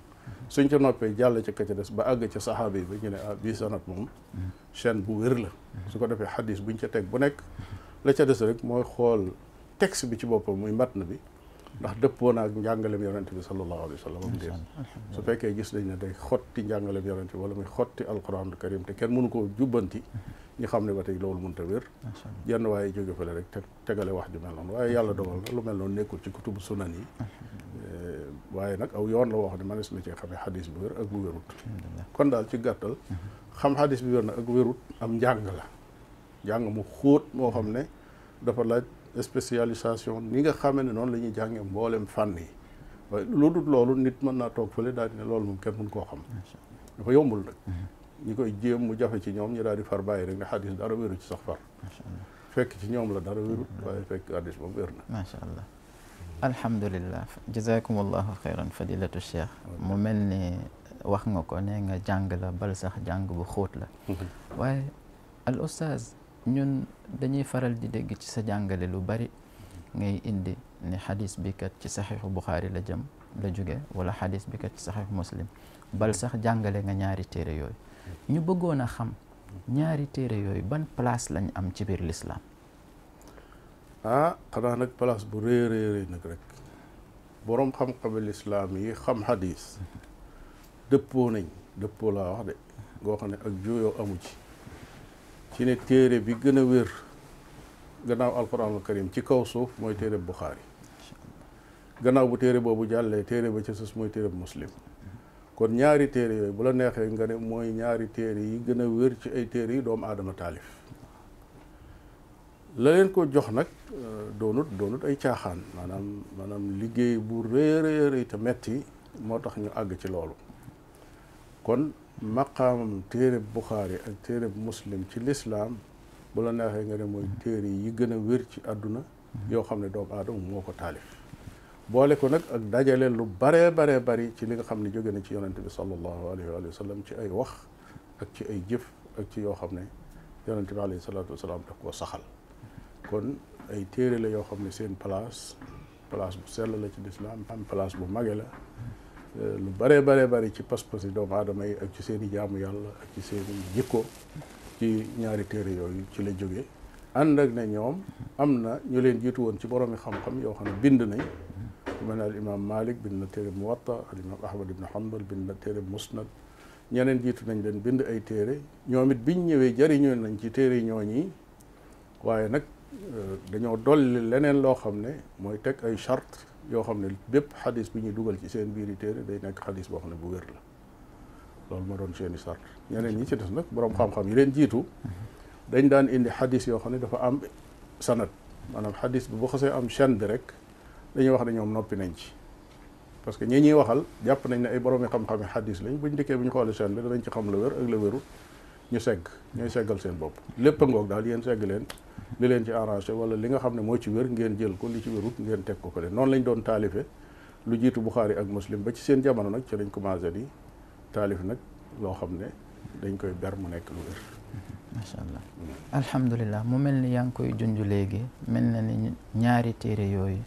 suñ ca noppee jàll ca ka ca des ba àgg ca saxaaba yi ba ñu ne ah bii sanat moom chaîne bu wér la su ko defee xadis buñ ca teg bu nekk la ca des rek mooy xool texte bi ci boppam muy na bi ndax dëppoo naag njàngaleem yonent bi sallallahu alayhi wa sallam am su fekkee gis nañ ne day xotti njàngaleem yonent bi wala muy xotti alquranul karim te kenn mënu koo jubbanti ñu xam ne ba tey loolu mënut a wér jenn waaye jóge fële rek te tegale wax ju mel noonu waaye yàlla dogal na lu mel noonu nekkul ci kutubu sunan yi eh, waaye nag aw yoon la wax ne manes na cee xamee xadis bu wér ak bu wérut kon daal ci gàttal mhm. xam xadis bi wér na ak wérut am njàng la njàng mu xóot moo xam ne dafa laaj spécialisation ni nga xamee ne noonu la ñuy jàngee mboolem fànn yi waaye lu dul loolu nit mën naa toog fële daal di ne loolu moom kenn mën koo xam dafa yombul nag mm-hmm. ñi koy jéem mu jafe ci ñoom ñu daal di far bàyyi rek nga xadis dara wéru ci sax far fekk ci ñoom la dara wérut mm-hmm. waaye fekk xadis moom wér na macha allah alhamdulilah jazakum allahu xayran fadilatu cheikh mu mel ni wax nga ko ne nga jàng la bal sax jàng bu xóot la mm-hmm. ñun dañuy faral di dégg ci sa jàngale lu bari ngay indi ne xadis bi kat ci saxiixu Buxaari la jëm la jóge wala xadiis bi kat ci saxiixu Muslim bal sax jàngale nga ñaari téere yooyu ñu bëggoon a xam ñaari téere yooyu ban place lañ am ci biir lislaam ah xanaa nag place bu rëy rëy nag rek boroom xam-xame lislaam yi xam xadis mm-hmm. dëppoo nañ dëppoo laa wax de goo xam ne ak juyoo amu ci ci ne téere bi gën a wér gannaaw alquranul karim ci kaw suuf mooy téere bu Buxaari gannaaw bu téere boobu jàllee téere ba ci sus mooy téere bu muslim kon ñaari téere yooyu bu la neexee nga ne mooy ñaari téere yi gën a wér ci ay téere yi doomu aadama taalif la ko jox nag euh, doonut doonut ay caaxaan maanaam maanaam liggéey bu rëy a rëy te metti moo tax ñu àgg ci loolu kon maqaamam téereb buxaari ak téere bu muslim ci lislaam bu la neexee nga ne mooy téere yi gën a wér ci àdduna yoo xam ne doomu aadama moo ko taalif boole ko nag ak dajale lu baree baree bari ci li nga xam ne jóge na ci yonente bi sallallahu alayhi wa sallam ci ay wax ak ci ay jëf ak ci yoo xam ne yonente bi alayhi salaatu wasalaam daf koo saxal kon ay téere la yoo xam ne seen place place bu sell la ci lislaam am place bu mage la Euh, lu bëree bëree bëri ci pas-pas yi doomu aadama yi ak ci seeni i jaamu yàlla ak ci seen i jikko ci ñaari téere yooyu ci la jóge ànd ak na ñoom am na ñu leen jiitu woon ci boroomi xam-xam yoo xam ne bind nañ ku mel ne al imam bind na téere muwatta al imam ahmad ibn hanbal bind na téere musnad ñeneen jiitu nañ leen bind ay téere ñoom it biñ ñëwee jëriñoo nañ ci téere ñooñi waaye nag euh, dañoo dolli leneen loo xam ne mooy teg ay chart yoo xam ne bépp xadis bu ñuy dugal ci seen biiri téere day nekk xadis boo xam ne bu wér la loolu ma doon seeni sart ñeneen ñi ci des nag boroom xam-xam yi leen jiitu dañ daan indi xadis yoo xam ne dafa am sanad maanaam xadis bi bu xasee am chaîne bi rek dañuy wax ne ñoom noppi nañ ci parce que ñi ñuy waxal jàpp nañ ne ay boroomi xam-xami xadis lañ buñ dikkee bu ñu xoolee chaîne bi danañ ci xam la wér ak la wérul ñu segg ñooy seggal seen bopp lépp a ngoog daal yéen segg leen li leen ci arrangé wala li nga xam ne moo ci wér ngeen jël ko li ci wérut ngeen teg ko ko leen noonu lañ doon taalife lu jiitu Buxaari ak Muslim ba ci seen jamono nag ci lañ commencé di taalif nag loo xam ne dañ koy ber mu nekk lu wér macha allah alhamdulilah mu mel ni yaa ngi koy junj léegi mel na ni ñaari téere yooyu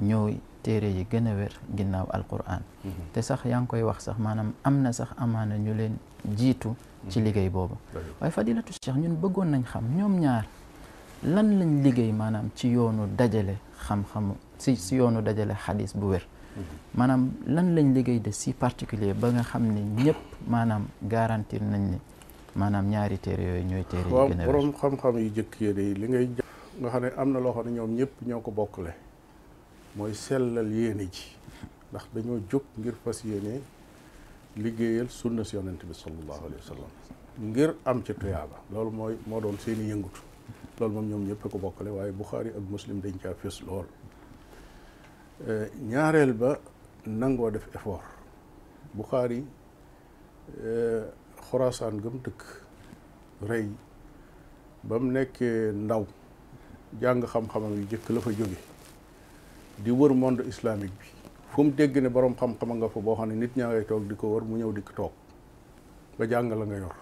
ñooy téere yi gën a wér ginnaaw alquran mhm. te sax yaa ngi koy wax sax maanaam am na sax amaana ñu leen jiitu ci mhm. liggéey boobu waaye fadilatu cheikh lan lañ liggéey maanaam ci yoonu dajale xam-xamu si si yoonu dajale xadis bu wér mhm. maanaam lan lañ liggéey de si particulier ba nga xam ne ñëpp maanaam garantir nañ ni maanaam ñaari téere yooyu ñooy téere yi gën a xam-xam yu jëkk yi li ngay nga xam ne am na loo xam ne ñoom ñëpp ñoo ko bokkale mooy sellal yéene ji ndax dañoo jóg ngir fas yéene liggéeyal sunna si yonent bi sallallahu alayhi wa sallam ngir am ci tuyaaba loolu mooy moo doon seen i yëngutu loolu moom ñoom a ko bokkale waaye Buxaari ak Muslim dañ caa fës lool ñaareel ba nangoo def effort Buxaari eh, Xorasaan gëm dëkk rëy ba mu nekkee ndaw jàng xam-xamam yu jëkk la fa jóge di wër monde islamique bi fu mu ne boroom xam-xam nga fa boo xam ne nit ñaa ngay toog di ko wër mu ñëw di ko toog ba jàng la nga yor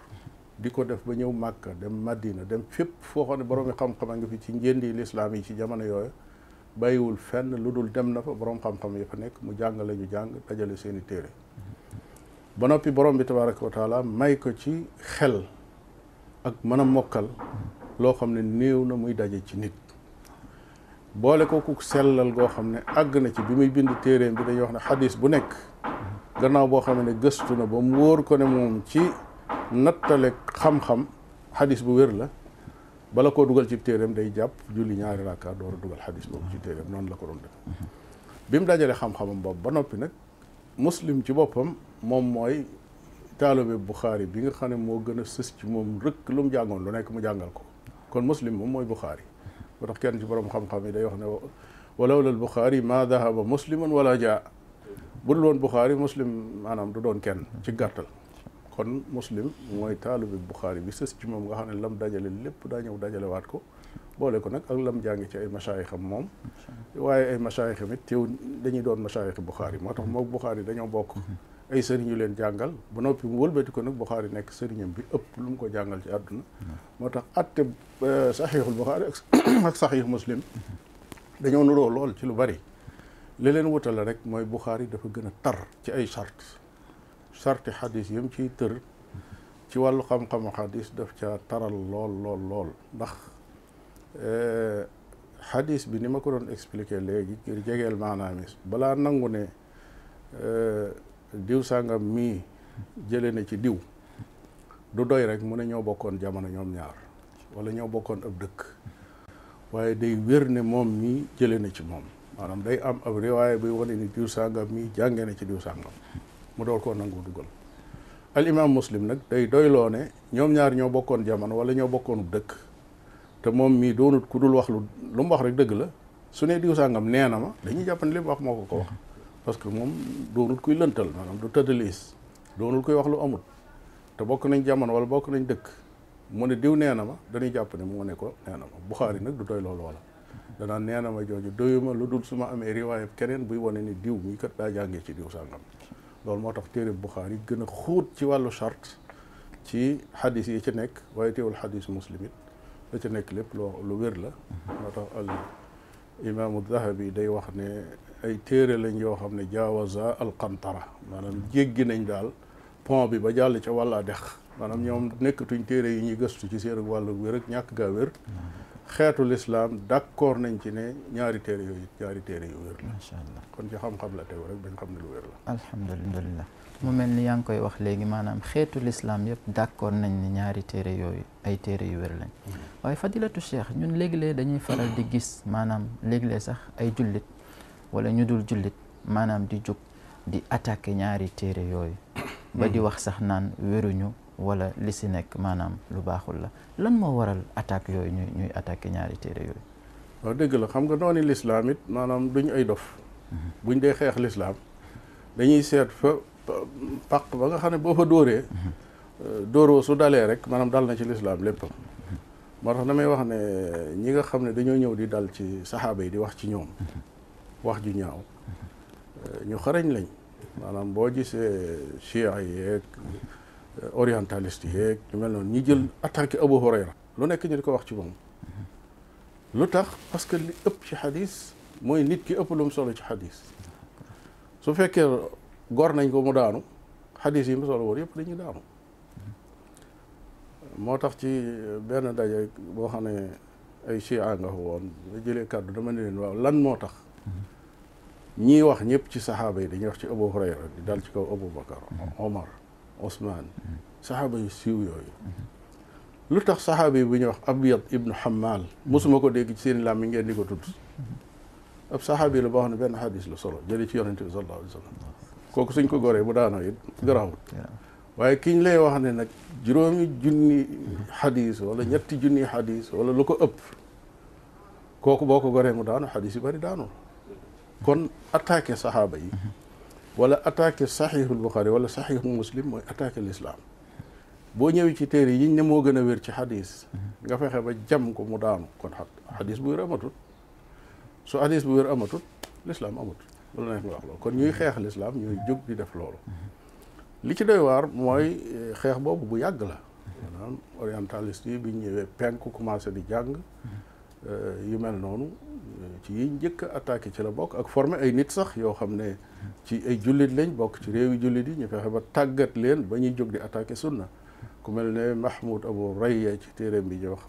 di ko def ba ñëw màkk dem Madina dem fépp foo xam ne borom xam-xam a nga fi ci njëndi lislaam yi ci jamono yooyu bàyyiwul fenn lu dul dem na fa borom xam-xam yi fa nekk mu jàng la ñu jàng dajale seeni téere ba noppi borom bi tabaraka wa may ko ci xel ak mën a mokkal loo xam ne néew na muy daje ci nit boole ko ku sellal goo xam ne àgg na ci bi muy bind téeréem bi dañuy wax ne xadis bu nekk gannaaw boo xam ne gëstu na ba mu wóor ko ne moom ci nattale xam-xam xadis bu wér la bala koo dugal ci téeréem day jàpp julli ñaari raakaar door a dugal xadis boobu ci téeréem noonu la ko doon def bi mu dajalee xam-xamam boobu ba noppi nag muslim ci boppam moom mooy taalibe Buxaari bi nga xam ne moo gën a sës ci moom rëkk lu mu jàngoon lu nekk mu jàngal ko kon muslim moom mooy Buxaari moo tax kenn ci boroom xam-xam yi day wax ne wala walaw lal Buxaari maa dahaba muslimun wala jaa budul woon Buxaari muslim maanaam du doon kenn ci gàttal kon muslim mooy taalibi buxaari bi sës ci moom nga xam ne lam dajale lépp daa ñëw dajalewaat ko boole ko nag ak lam jàngi ci ay masaayixam moom waaye ay masaayixam it teew dañuy doon masaayixi buxaari moo tax mook buxaari dañoo bokk mm-hmm. ay sëriñ yu leen jàngal ba noppi mu wëlbati ko nag buxaari nekk sëriñam bi ëpp lu mu ko jàngal ci àdduna mm-hmm. moo tax atte euh, saxiixul buxaari ak saxiix muslim mm-hmm. dañoo nuroo lool ci lu bari li leen wutale rek mooy buxaari dafa gën a tar ci ay charte sarti xadis yam ciy tër ci wàllu xam-xamu xadis def ca taral lool lool lool ndax eh, xadis bi ni ma ko doon expliqué léegi ngir jegeel maanaam balaa nangu ne eh, diw sàngam mii jële na ci diw du doy rek mu ne ñoo bokkoon jamono ñoom ñaar wala ñoo bokkoon ab dëkk waaye day wér ne moom mii jële na ci moom maanaam day am ab waaye buy wane ni diw sàngam mii jànge na ci diw sàngam mu door koo nangu dugal al imam muslim nag day doyloo ne ñoom ñaari ñoo bokkoon jamono wala ñoo bokkoon bu dëkk te moom mii doonut ku dul wax lu lu mu wax dëgg la su ne diw sàngam nee na ma dañuy jàpp ne wax moo ko parce que moom doonut kuy lëntal maanaam du tëddaliis doonul kuy wax lu amut te bokk nañ jamono wala bokk nañ dëkk mu ne diw nee na ma dañuy jàpp ne moo ne ko nee na ma Buxaari nag du doy loolu wala danaa nee na ma jooju doyuma lu dul su ma amee riwaayab keneen buy wane ni diw muy kat daa jàngee ci diw sàngam loolu moo tax téere Buxaari gën a xuut ci wàllu charte ci xadis yi ci nekk waaye teewul xadis muslim it la ci nekk lépp loo lu wér la moo tax al imaamu Dahabi day wax ne ay téere lañ yoo xam ne jaawaza alqantara maanaam jéggi nañ daal pont bi ba jàll ca wàllaa dex maanaam ñoom nekkatuñ téere yi ñuy gëstu ci seen wàllu wér ak ñàkk gaa wér xeetu lislaam d'accord nañ ci ne ñaari téere yooyu ñaari téere yu wér la. macha allah kon ci xam-xam la tegu rek bañ xam ne lu wér la. alhamdulilah mu mel ni yaa ngi koy wax léegi maanaam xeetu lislaam yëpp d'accord nañ ne ñaari téere yooyu ay tere yu wér lañ. Mm-hmm. waaye fadilatu cheikh ñun léegi-léeg dañuy faral di gis maanaam léegi-léeg sax ay jullit wala ñu dul jullit maanaam di jóg di attaquer ñaari téere yooyu. ba di mm-hmm. wax sax naan wéruñu wala li si nekk maanaam lu baaxul la lan moo waral attaque yooyu ñuy ñuy attaqué ñaari téere yooyu waaw dëgg la xam nga noonu lislaam it maanaam duñ ay dof mhm. buñ dee xeex lislaam dañuy seet fa pàq ba nga xam ne boo fa dóoree mhm. euh, dóoroo su dalee rek maanaam dal na ci lislaam lépp mhm. moo tax damay wax ne ñi nga xam ne dañoo ñëw di dal ci saxaaba yi di wax ci ñoom wax ju ñaaw euh, ñu xarañ lañ maanaam boo gisee chia yeeg orientaliste yeeg ñu mel noonu ñu jël attaqué Abu Hurayra lu nekk ñu di ko wax ci moom lu tax parce que li ëpp ci xadis mooy nit ki ëpp lu mu solo ci xadis su fekkee gor nañ ko mu daanu xadis yi mu solo woon yëpp dañuy daanu moo tax ci benn daje boo xam ne ay chia nga woon da jëlee kàddu dama ne leen waaw lan moo tax ñii wax ñëpp ci saxaaba yi dañuy wax ci Abu Hurayra di dal ci kaw Abu Bakar Omar Ousmane saxaaba yu siiw yooyu lu tax saxaaba yi bu ñuy wax Abyad ibnu Hammaal mosuma ko dégg ci seen làmmiñ ngeen di ko tut ab saxaabi la boo xam ne benn xadis la solo jële ci yonente bi sallallahu alayhi kooku suñ ko goree bu daanoo it garaawul waaye kiñ lay wax ne nag juróomi junni xadis wala ñetti junni xadis wala lu ko ëpp kooku boo ko goree mu daanu xadis yu bari daanul kon attaqué saxaaba yi wala attaqué saxiixul Buxaari wala saxiixul muslim mooy attaqué lislaam boo ñëwee ci téere yi ñu ne moo gën a wér ci xadis nga fexe ba jam ko mu daanu kon xadis bu wér amatut su xadis bu wér amatut lislaam amatut loolu la neex nga wax loolu kon ñuy xeex lislaam ñooy jóg di def loolu li ci doy waar mooy eh, xeex boobu bu yàgg la maanaam orientaliste yi bi ñu ñëwee penk commencé di jàng Euh, yu mel noonu euh, ci yiñ njëkk attaque ci la bokk ak formé ay nit sax yoo xam ne ci ay jullit lañ bokk ci réewi jullit yi ñu fexe ba tàggat leen ba ñu jóg di attaqué sunna ku mel ne Mahmoud Abu Raya ci téereem bi ñuy wax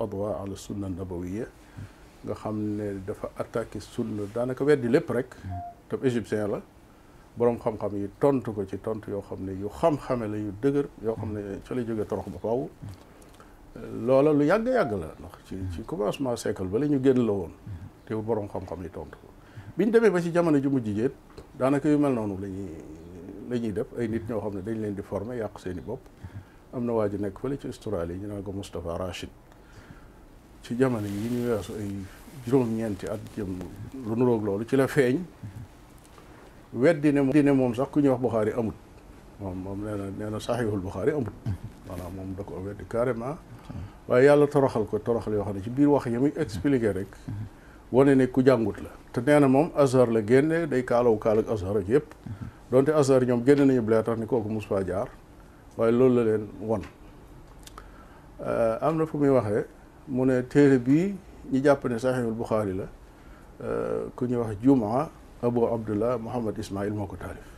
adwa ala sunna nabawiya nga xam ne dafa attaqué sunna daanaka weddi lépp rek te égyptien la boroom xam-xam yi tontu ko ci tontu yoo xam ne yu xam-xame la yu dëgër yoo xam ne ca la jóge torox ba faaw loola lu yàgg yàgg la ndox ci ci commencement siècle ba la ñu génn la woon te borom xam-xam yi tontu bi ñu demee ba ci jamono ji mujj jéet daanaka yu mel noonu lañuy ñuy def ay nit ñoo xam ne dañ leen di former yàq seen i bopp am na waa ji nekk fële ci Australie ñu naan ko Moustapha Rachid ci jamono yi ñu weesu ay juróom-ñeenti at jëm lu nuroog loolu ci la feeñ weddi ne moom sax ku ñuy wax Buxaari amut moom moom nee na nee na saxiixul Buxaari amul voilà moom da ko weddi carrément waaye yàlla toroxal ko toroxal yoo xam ne ci biir wax yi muy expliqué rek wane ne ku jàngut la te nee na moom Azhar la génne day kaalaw kaal ak Azhar ak yëpp donte Azhar ñoom génne nañu blé tax ni kooku mos faa jaar waaye loolu la leen won euh, am na fu muy waxee mu ne téere bii ñu jàpp ne saxiixul Buxaari la euh, ku ñuy wax Jumaa Abu Abdullah Muhammad Ismail moo ko taalif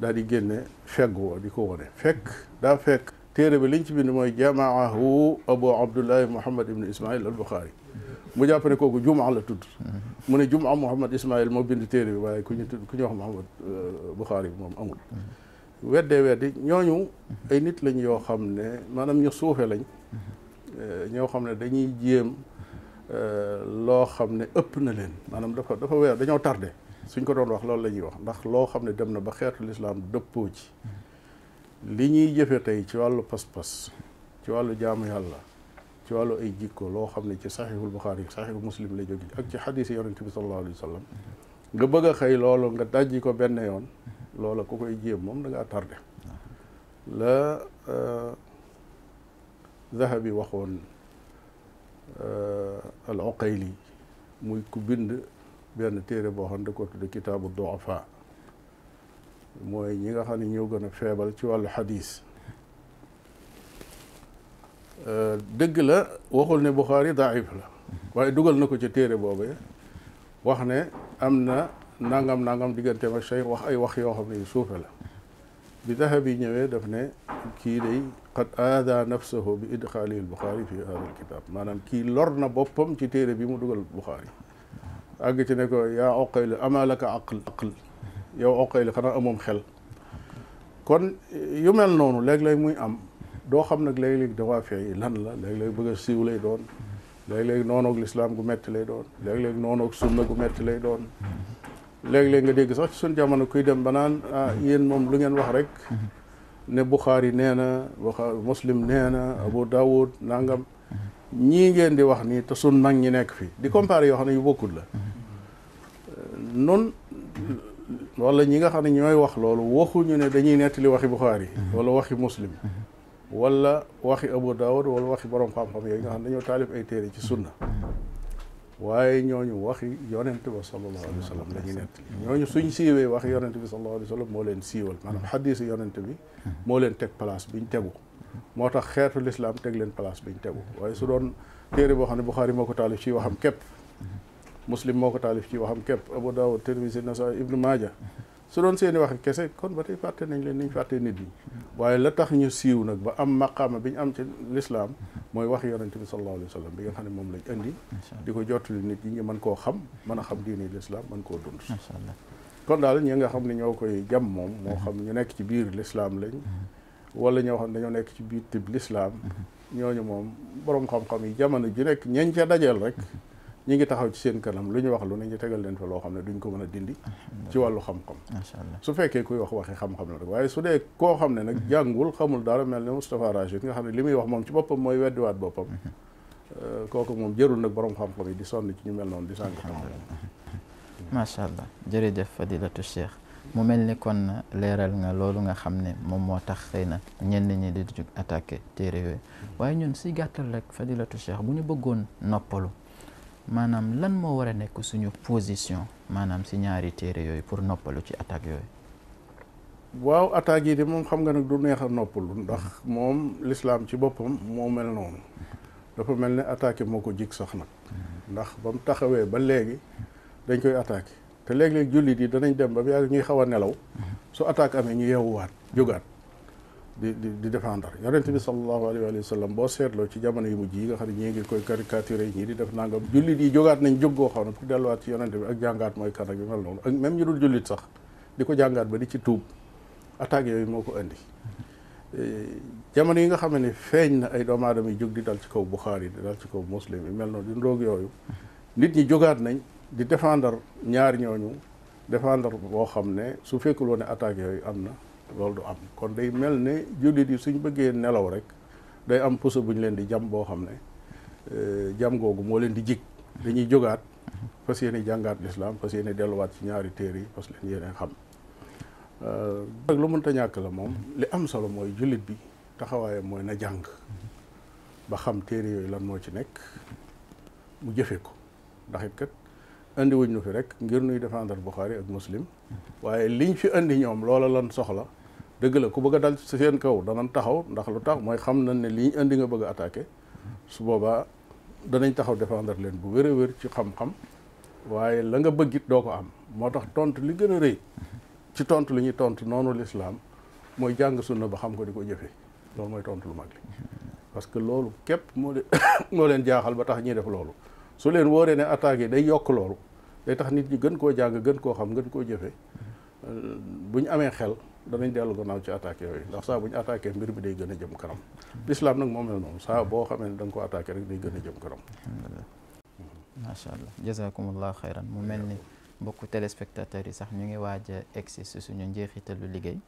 daal di génne fegg woo di ko wone fekk daa fekk téere bi liñ ci bind mooy jamaahu abu abdullahi muhammad ibnu ismail al buxaari mu jàpp ne kooku jumaa la tudd mu ne jumaa muhammad ismail moo bind téere bi waaye ku ñu tudd ku ñu wax muhammad euh, buxaari bi moom amul weddee weddi ñooñu ay nit lañ yoo xam ne maanaam ñu suufe lañ euh, ñoo xam ne dañuy jéem euh, loo xam ne ëpp na leen maanaam dafa dafa weer dañoo tardé suñ ko doon wax loolu la ñuy wax ndax loo xam ne dem na ba xeetu lislaam dëppoo ci li ñuy jëfe tey ci wàllu pas-pas ci wàllu jaamu yàlla ci wàllu ay jikko loo xam ne ci saxiixul buxaari saxiixu muslim la jóge ak ci xadiis yonent bi sallallahu alayhi wa sallam nga bëgg a xëy loolu nga dajji ko benn yoon loola ku koy jéem moom da ngaa tardé la euh, Zahabi waxoon euh, al Uqayli mu ku bind benn téere boo xam ne da ko tudd kitaabu duafa mooy ñi nga xam ne ñoo gën a feebal ci wàllu xadis euh, dëgg la waxul ne Buxaari daif la waaye dugal na ko ci téere boobu wax ne am na nangam nangam diggante ak Cheikh wax ay wax yoo xam ne yu suufe la bi Dahabi ñëwee daf ne kii day qad aada nafsahu bi idxaali al Buxaari fi hada al maanaam kii lor na boppam ci téere bi mu dugal Buxaari àgg ci ne ko yaa oqaylu ama laka aql aql yow oqaylu xanaa amoom xel kon yu mel noonu léeg-léeg muy am doo xam nag léeg-léeg dawaa fee lan la léeg-léeg bëgg a siiw lay doon léeg-léeg noonu ak lislaam lay doon léeg-léeg noonu ak sunna gu metti lay doon léeg-léeg nga dégg sax ci suñ jamono kuy dem ba naan ah yéen moom lu ngeen wax rek mhm. ne Buxaari nee na Buxaari Muslim nee na mhm. Abu Dawud nangam ñii ngeen di wax nii te sun mag ñi nekk fii di comparer yoo xam ne yu bokkul la euh, nun wala ñi nga xam ne ñooy wax loolu waxuñu ne dañuy nettali waxi Buxaari mhm. wala waxi muslim mhm. wala waxi Abu Dawud wala waxi borom xam-xam yooyu nga xam ne dañoo taalif ay téere ci sunna mhm. waaye ñooñu waxi yonent ba sallallahu alayhi wa sallam la ñuy nettali ñooñu suñ siiwee waxi yonent bi sallallahu alayhi wa moo leen siiwal maanaam xadiisi yonent bi moo leen teg place biñ tegu moo tax xeetu lislaam teg leen place biñ tegu waaye su doon téere boo xam ne Buxaari moo ko taalif ci waxam képp muslim moo ko taalif ci waxam képp Abu Dawud Tirmisi Nasaa'i Ibnu Maaja su doon seeni wax kese kon ba tey fàtte nañ leen niñ fàttee nit ñi waaye la tax ñu siiw nag ba am maqaama bi ñu am ci lislaam mooy wax yonente bi sallallahu alayhi wa sallam bi nga xam ne moom lañ indi di ko jottali nit ñi ñu mën koo xam mën a xam diine lislaam mën koo dund kon daal ñi nga xam ne ñoo koy jam moom moo xam ñu nekk ci biir lislaam lañ wala ñoo xam ne dañoo nekk ci biir tib lislaam mhm. ñu moom borom xam-xam yi jamono ji nekk ñeñ ca dajeel rek mhm. ñi ngi taxaw ci seen kanam lu ñu wax lu ne ñu tegal leen fa loo xam ne duñ ko mën a dindi mhm. ci wàllu xam-xam su fekkee kuy wax waxi xam-xam la rek waaye su dee koo xam ne nag jàngul xamul dara mel ne Moustapha Rachid nga xam ne li muy wax moom ci boppam mooy weddiwaat boppam euh, kooku moom jërul nag borom xam-xam yi di sonn ci ñu mel noonu di sàng xam-xam macha allah jërëjëf fadilatu cheikh mu mel ni kon leeral nga loolu nga xam ne moom moo tax xëy na ñenn ñi di jug attaqué téere yooyu waaye ñun si gàttal rek fadilatu cheikh bu ñu bëggoon noppalu maanaam lan moo war a nekk suñu position maanaam si ñaari téere yooyu pour noppalu ci attaque yooyu waaw attaques yi de moom xam nga nag du neex a noppalu ndax moom lislaam ci boppam moo mel noonu dafa mel ni attaque moo ko jig sax nag mm-hmm. ndax ba taxawee ba léegi dañ koy attaqué te léeg-léeg jullit yi danañ dem ba mu yàgg ñuy xaw a nelaw su attaque amee ñu yeewuwaat jógaat di di di défendre yonent bi sallallahu alayhi wa sallam boo seetloo ci jamono yu mujj yi xam ne ñii ngi koy caricature yi di def nangam jullit yi jógaat nañ jóggoo xam ne pour delluwaat ci yonent bi ak jàngaat mooy kan ak mel noonu ak même ñu dul jullit sax di ko jàngaat ba di ci tuub attaque yooyu moo ko indi eh, jamono yi nga xam ne feeñ na ay doomu aadama yi jóg di dal ci kaw Buxaari di dal ci kaw muslim yi mel noonu di ndoog yooyu nit ñi jógaat di défendre ñaar ñooñu défendre boo xam ne su fekkuloo ne attaques yooyu am na loolu du am kon day mel ne jullit yi suñ bëggee nelaw rek day am puso bu ñu leen di jam boo xam ne euh, jam googu moo leen di jig dañuy jógaat fas yéene jàngaat lislaam fas yéene delluwaat ci ñaari téere yi parce que leen yéene xam ak euh, lu mënta ñàkk la moom li am solo mooy jullit bi taxawaayam mooy na jàng ba xam téere yooyu lan moo ci nekk mu jëfe ko ndax it indi wuñ nu fi rek ngir nuy défendre Bukhari ak Muslim waaye liñ fi indi ñoom loola lan soxla dëgg la ku bëgg a dal ci seen kaw danañ taxaw ndax lu tax mooy xam nañ ne liñ indi nga bëgg a su boobaa danañ taxaw défendre leen bu wér wér ci xam-xam waaye la nga bëggit doo ko am moo tax tontu li gën a rëy ci tontu lu ñuy tontu noonu lislaam mooy jàng sunna ba xam ko di ko jëfe loolu mooy tontu lu mag li parce que loolu képp moo leen moo leen jaaxal ba tax ñuy def loolu su leen wóoree ne attaques yi day yokk loolu day tax nit ñi gën koo jàng gën koo xam gën koo jëfe euh, bu ñu amee xel danañ dellu gannaaw ci attaques yooyu ndax saa bu ñu attaqué mbir bi day gën a jëm kanam l'islam nag moom mel noonu saa boo xamee ne da nga ko attaqué rek day gën a jëm kanam macha allah jazakumullah xayran mu mel ni mbokku téléspectateurs yi sax ñu ngi waaj a egsi si suñu njeexitalu liggéey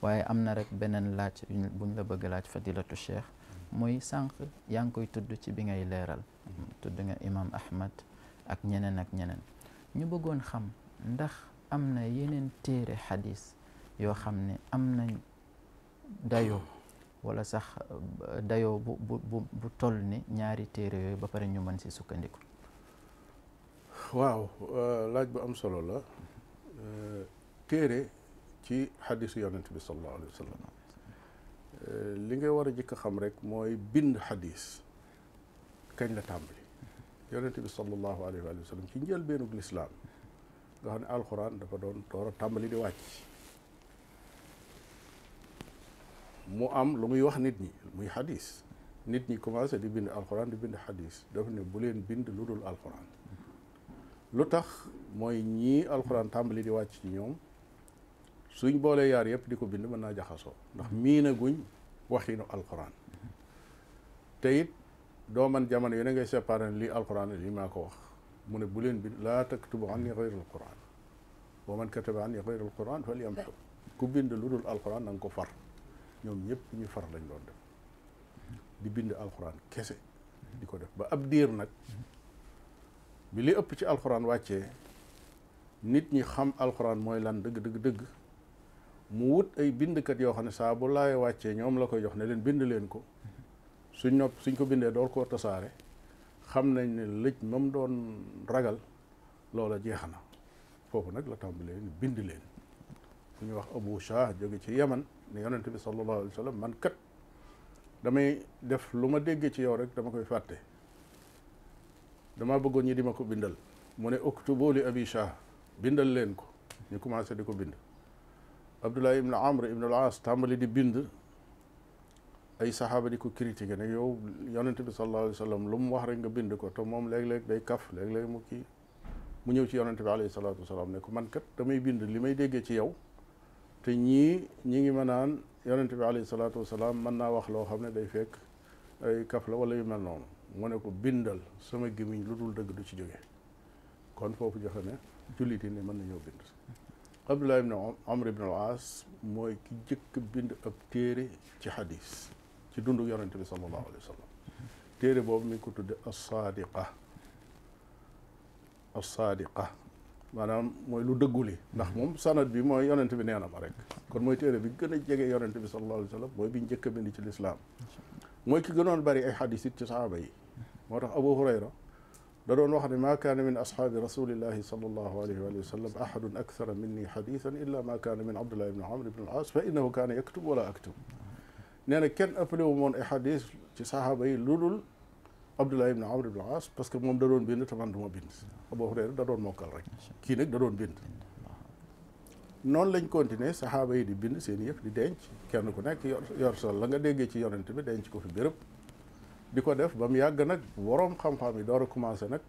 waaye am na rek beneen laaj buñ la bëgg laaj fadilatu cheikh muy sànq yaa ngi koy tudd ci bi ngay leeral tudd nga imam ahmad ak ñeneen ak ñeneen ñu bëggoon xam ndax am na yeneen téere xadis yoo xam ne am nañ dayoo wala sax euh, dayoo bu bu toll ni ñaari téere yooyu ba pare ñu mën si sukkandiku. waaw euh, laaj bu am solo la mm-hmm. euh, téere ci xadisu yonent bi sallallahu alayhi wa sallam mm-hmm. li ngay war a jëkk a xam rek mooy bind xadis kañ la tàmbali. yonente bi sallallahu alayhi wa sallam ci njëlbeenug lislaam nga xam ne alxuraan dafa doon door a tàmbali di wàcc mu am lu muy wax nit ñi muy xadis nit ñi commencé di bind alxuraan di bind xadis dafa ne bu leen bind lu dul alxuraan lu tax mooy ñii alxuraan tàmbali di wàcc ci ñoom suñ boolee yaar yëpp di ko bind mën naa jaxasoo ndax miinaguñ waxinu alxuraan te doo man jamono yi ne ngay séparé lii alquran lii maa ko wax mu ne bu leen bi laa taktubu anni xayra alquran wa man kataba anni xayra alquran fal yamxu ku bind lu dul alquran na nga ko far ñoom ñëpp ñu far lañ doon def di bind alquran kese di ko def ba ab diir nag bi li ëpp ci alxuraan wàccee nit ñi xam alxuraan mooy lan dëgg dëgg dëgg mu wut ay bindkat yoo xam ne saa bu laay wàccee ñoom la koy jox ne leen bind leen ko suñ nopp suñ ko bindee door koo tasaare xam nañ ne lëj moom doon ragal loola jeex na foofu nag la tàmbalee ni bind leen ku ñu wax Abu Shah jóge ci Yaman ne yonent bi sallallahu alayhi man kat damay def lu ma déggee ci yow rek dama koy fàtte dama bëggoon ñi di ma ko bindal mu ne uktubu li Abi Shah bindal leen ko ñu commencé di ko bind Abdullah ibn Amr ibn al-As tàmbali di bind ay saxaaba di ko critiqué ne yow yonent bi sallallahu alayhi wa lu mu wax rek nga bind ko te moom léeg-léeg day kaf léeg-léeg mu mu ñëw ci yonent bi alayhi salaatu wasalaam ne ko man kat damay bind li may déggee ci yow te ñii ñi ngi ma naan yonent bi ale salaatu wasalaam mën naa wax loo xam ne day fekk ay kaf la wala yu mel noonu mu ne ko bindal sama gémmiñ lu dul dëgg du ci jóge kon foofu joxe ne jullit yi ne mën nañoo bind Abdullah ibn Amr ibn al-As mooy ci dundu yonente bi sallallahu alayhi wa sallam téere boobu mi ngi ko tudde as-saadiqa as-saadiqa maanaam mooy lu dëgguli ndax moom sanad bi mooy yonente bi nee na ma rek kon mooy téere bi gën a jege yonente bi sallallahu alayhi wa sallam mooy bi njëkk a bind ci lislaam mooy ki gënoon bari ay xadis it ci sahaaba yi moo tax abu hurayra da doon wax ne maa kaana min ashaabi rasulillahi sallallahu alayhi wa sallam ahadun akthara minni xadisan illa maa kaana min abdullah ibni amr ibn al aas fa innahu kaana yaktub wala aktub nee na kenn appelé wu moon ay xadis ci saxaaba yi lu dul Abdullah ibn Amr ibn al-As parce que moom da doon bind te man du ma bind Abu Hurayra da doon mokkal rek kii nag da doon bind noonu lañ continuer saxaaba yi di bind seen yëf di denc kenn ku nekk yor yor sol la nga déggee ci yonent bi denc ko fi béréb di ko def ba mu yàgg nag boroom xam-xam yi door a commencé nag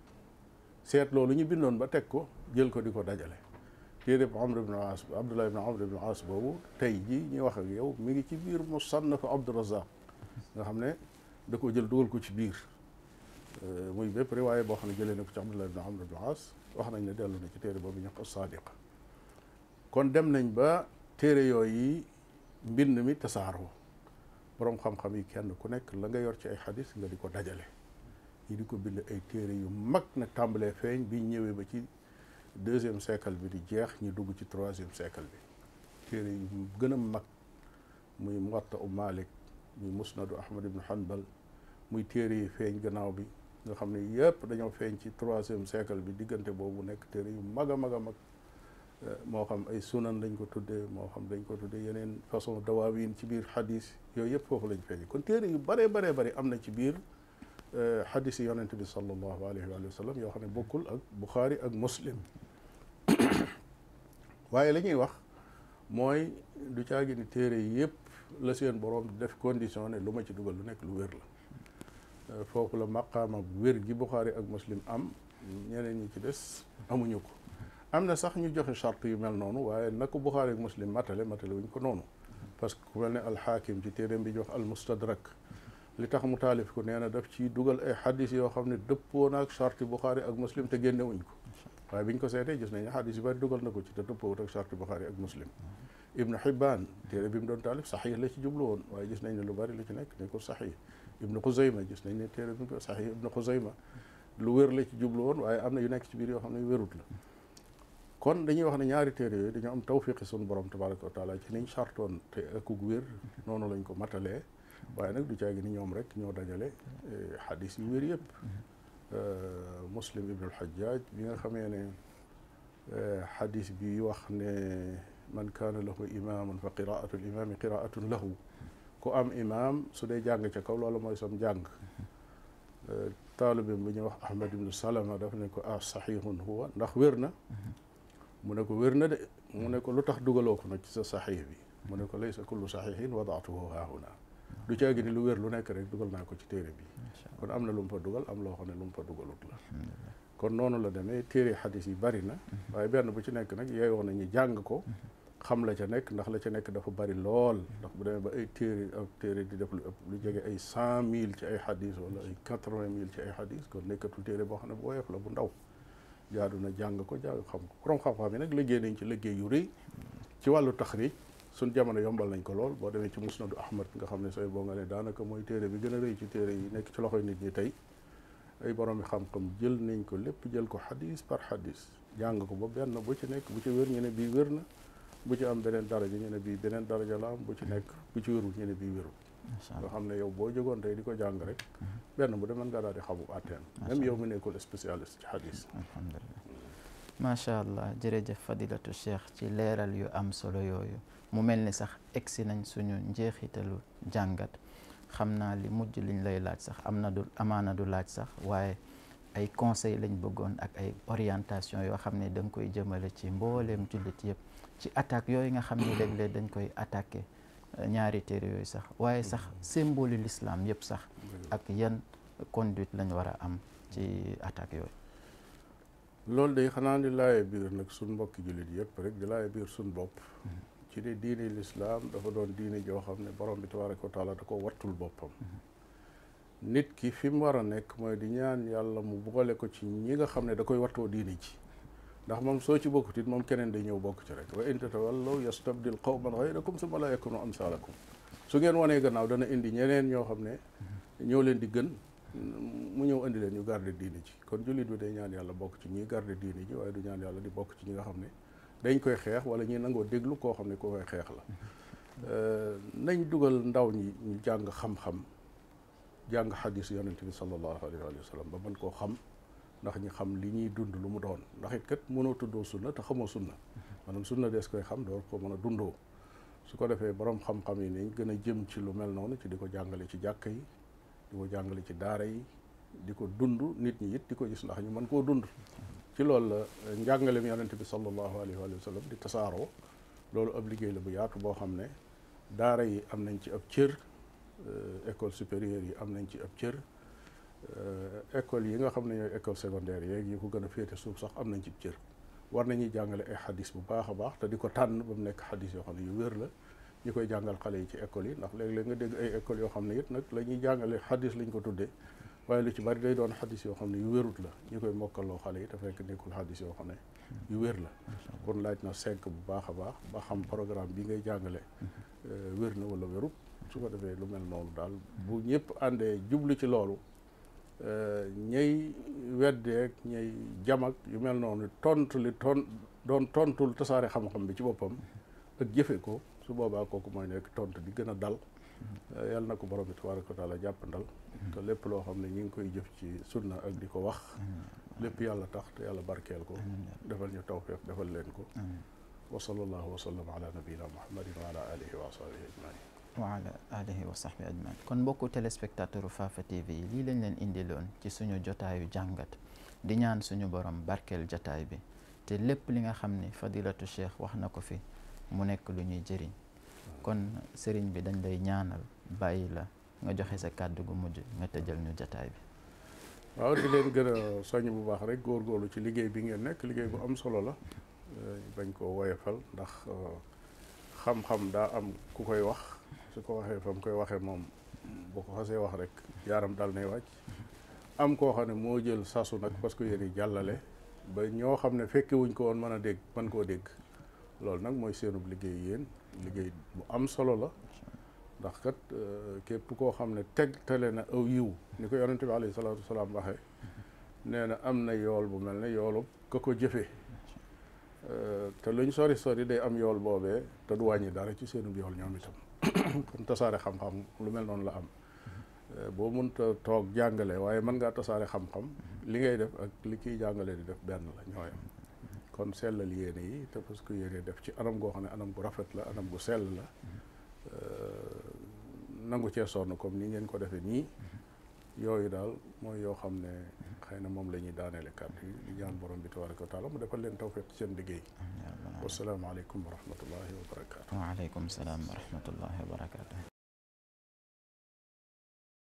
seet loolu ñu bindoon ba teg ko jël ko di ko dajale téere Amr ibn As Abdullah ibn Amr ibn As boobu tey jii ñuy wax ak yow mi ngi ci biir Musannaf Abdurrazzaq nga xam ne da ko jël dugal ko ci biir euh, muy bépp riwaaye boo xam ne jëlee na ko ci Abdullah ibn Amr ibn As wax nañ ne dellu na ci téere boobu ñu ko Saadiq kon dem nañ ba téere yooyu mbind mi tasaaroo boroom xam-xam yi kenn ku nekk la nga yor ci ay xadis nga di ko dajale yi di ko bind ay téere yu mag na tàmbalee feeñ bi ñëwee ba ci deuxième siècle bi di jeex ñu dugg ci troisième siècle bi téere yi gëna a mag muy Muwatta u Malik muy Musnadu Ahmad ibn Hanbal muy téere yi feeñ gannaaw bi nga xam ne yëpp dañoo feeñ ci troisième siècle bi diggante boobu nekk téere yu mag a mag a mag eh, moo xam ay sunan lañ ko tuddee moo xam dañ ko tuddee yeneen façon dawaawin ci biir xadis yooyu yëpp foofu lañ feeñ kon téere yu baree baree bari am na ci biir xadis yi yonent bi sallallahu alayhi wa sallam yoo xam ne bokkul ak Buxaari ak Muslim waaye lañuy wax mooy du caagi ni téere yëpp la seen borom def condition ne lu ma ci dugal lu nekk lu wér la euh, foofu la maqaama wér gi Buxaari ak Muslim am ñeneen ñi ci des amuñu ko am na sax ñu joxe charte yu mel noonu waaye na ko Buxaari ak Muslim matale matale wuñ ko noonu parce que ku mel ne alxaakim ci téereem bi jox al mustadrak li tax mu taalif ko nee def ci dugal ay xadis yoo xam ne dëppoo naag charte Buxaari ak muslim te génne wuñ ko waaye biñ ko seetee gis nañ xadis yu bari dugal na ko ci te dëppoowut ak charte Buxaari ak muslim ibnu Xibaan téere bi mu doon taalif saxiix la ci jublu woon waaye gis nañ ne lu bari lu ci nekk ne ko saxiix ibnu Xuzayma gis nañ ne téere bi mu saxiix ibnu Xuzayma lu wér la ci jublu woon waaye am na yu nekk ci biir yoo xam ne wérut la kon dañuy wax ne ñaari téere yooyu dañoo am tawfiqi sunu borom tabaraka wa taala ci niñ chartoon te akug wér noonu lañ ko matalee waaye nag du caagi ni ñoom rek ñoo dajale eh, xadis yu wér yëpp mm-hmm. euh, muslim ibnul xajjaaj bi nga xamee ne eh, xadis bi wax ne man kaana lahu imaamun fa qiraatu l imaami qiraatun lahu ku am imaam su dee jàng ca kaw loolu mooy sam jàng mm-hmm. euh, taalibim bi ñuy wax ahmad ibnu salama daf ne ko ah saxiixun huwa ndax wér na mm-hmm. mu ne ko wér na de mu ne ko lu tax dugaloo ko nag ci sa saxiix bi mu ne ko laysa kullu saxiixin wadaatuhu haahuna lu ci gi ni lu wér lu nekk rek dugal naa ko ci téere bi kon am na lu mu fa dugal am loo xam ne lu mu fa dugalut la kon noonu la demee téere xadis yi bari na mhm. waaye benn bu ci nekk nag yeeyoo na ñu jàng ko mhm. xam la ca nekk ndax la ca nekk dafa bari lool mhm. ndax bu demee ba ay téere ak téere di def lu ëpp lu jege ay cent mille ci ay xadis wala ay quatre-vingt mille ci ay xadis kon nekkatul téere boo xam ne bu woyof la bu ndaw jaadu na jàng ko jàng xam ko borom xam-xam nag liggéey nañ ci liggéey ci wàllu taxriij suñ jamono yombal nañ ko lool boo demee ci musnadu ahmad nga xam ne sooy boo nga ne daanaka mooy téere bi gën a rëy ci téere yi nekk ci loxoy nit ñi tey ay boroomi xam-xam jël nañ ko lépp jël ko xadis par xadis jàng ko ba benn bu ci nekk bu ci wér ñu ne bii wér na bu ci am beneen daraja ñu ne bii beneen daraja la bu ci nekk bu ci wérul ñu ne bii wérul nga xam ne yow boo jógoon tey di ko jàng rek mhm. benn bu de mën ngaa daal di xamub atteen même yow mi nekkul spécialiste ci xadis alhamdulilah macha allah jërëjëf fadilatu cheikh ci leeral yu am solo yooyu mu mel ni sax egsi nañ suñu njeexitalu jàngat xam naa li mujj liñ lay laaj sax am na du amaana du laaj sax waaye ay conseil lañ bëggoon ak ay orientation yoo xam ne da koy jëmale ci mbooleem jullit yëpp ci attaque yooyu nga xam ne dañ koy attaque euh, ñaari téere yooyu sax waaye sax symbole lislaam yëpp sax ak yan conduite lañ war a am ci attaque yooyu loolu day xanaa di laaye biir nag suñ mbokki jullit yëpp rek di laaye biir suñ bopp mm-hmm. ci ne diine lislaam dafa doon diine joo xam ne borom bi tabaraka wa taala da ko wattul boppam nit ki fi mu war a nekk mooy di ñaan yàlla mu boole ko ci ñi nga xam ne da koy wattoo diine ji ndax moom soo ci bokkut it moom keneen day ñëw bokk ci rek wa in tatawallaw yastabdil qawman ghayrakum summa la yakunu amsalakum su ngeen wanee gannaaw dana indi ñeneen ñoo xam ne ñoo leen di gën mu ñëw indi leen ñu garde diine ji kon jullit bi day ñaan yàlla bokk ci ñi garde diine ji waaye du ñaan yàlla di bokk ci ñi nga xam ne dañ koy xeex wala ñuy nangoo déglu koo xam ne ko koy xeex la euh, nañ dugal ndaw ñi ñu jàng xam-xam jàng xadis yonent bi sallallahu alayhi wa sallam ba mën koo xam ndax ñi xam li ñuy dund lu mu doon ndax it kat mënoo tuddoo sunna te xamoo sunna maanaam sunna dees koy xam doo ko mën a dundoo su ko defee borom xam-xam yi nañ gën a jëm ci lu mel noonu ci di ko jàngale ci jàkk yi di ko jàngale ci daara yi di ko dund nit ñi it di ko gis ndax ñu mën koo dund ci loolu la njàngaleem yonente bi sallallahu alayhi wa sallam di tasaaroo loolu ab liggéey la bu yaatu boo xam ne daara yi am nañ ci ab cër euh, école supérieure yi am nañ ci ab cër euh, école yi nga xam ne ñooy école secondaire yeeg yi ko gën a féete suuf sax am nañ ci cër war nañuy jàngale ay xadis bu baax a baax te di ko tànn ba mu nekk xadis yoo xam ne yu wér la ñu koy jàngal xale yi ci ecole yi ndax léegi léeg nga dégg ay école yoo xam ne it nag la ñuy jàngale xadis lañ ko tuddee waaye lu ci bari day doon xadis yoo xam ne yu wérut la ñu koy mokkaloo xale yi te fekk nekkul xadis yoo xam ne yu wér la kon laaj na cinq bu baax a baax ba xam programme bi ngay jàngale mhm. euh, wér na wala wérut su ko defee lu mel noonu daal bu ñëpp àndee jublu ci loolu euh, ñay weddeek ñay jamak yu mel noonu tontu li ton doon tontul tasaare xam-xam bi ci boppam mhm. ak jëfe ko su boobaa kooku mooy nekk tontu di gën a dal Euh, yàlla na ko borom bi tabaaraka wa taala jàppandal mm-hmm. te lépp loo xam ne ñi ngi koy jëf ci sunna ak di ko wax mm-hmm. lépp yàlla tax te yàlla barkeel ko defal ñu tawfeex defal leen ko wa sallallahu wa sallam ala nabiyina muhammadin wa ala alihi wa sahbihi ajmain wa ala alihi wa sahbi ajmain kon mbokku téléspectateur Fafa TV yi lii lañ leen indiloon ci suñu jotaayu jàngat di ñaan suñu borom barkeel jotaay bi te lépp li nga xam ne fadilatu cheikh wax na ko fi mu nekk lu ñuy jëriñ kon sëriñ bi dañ lay ñaanal bàyyi la nga joxe sa kàddu gu mujj nga tëjal ñu jataay bi waaw di leen gën a soññ bu baax rek góorlu ci liggéey bi ngeen nekk liggéey bu am solo la euh, bañ koo woyofal ndax euh, xam-xam daa am ku koy wax su ko waxee fa mu koy waxee moom boo ko xasee wax rek yaaram dal nay wàcc am koo xam ne moo jël sasu nag parce que yéen jàllale ba ñoo xam ne fekke ko woon mën a dégg mën koo dégg loolu nag mooy seenub liggéey yéen liggéey bu am solo la ndax kat euh, képp koo xam ne teg tele na aw yiw ni ko yonente bi alayhi salaatu wasalaam waxee nee na am na yool bu mel ne yoolu ka ko jëfee euh, te luñ sori sori day am yool boobee te du wàññi dara ci seenub yool ñoom itam kon tasaare xam-xam lu mel noonu la am euh, boo mënta toog jàngale waaye mën ngaa tasaare xam-xam mm-hmm. li ngay def ak li kiy jàngale di def benn la ñooyam kon sellal yéene yi te parce que yéene def ci anam goo xam ne anam bu rafet la anam bu sell la euh, nangu cee sonn comme ni ngeen ko defee nii yooyu daal mooy yoo xam ne xëy na moom la ñuy daaneele kàddu yi di ñaan borom bi tabaraka wa taala mu defal leen tawfiq ci seen liggéey wasalaamaaleykum wa rahmatullahi wa barakaatu waaleykum salaam wa rahmatullahi wa barakaatu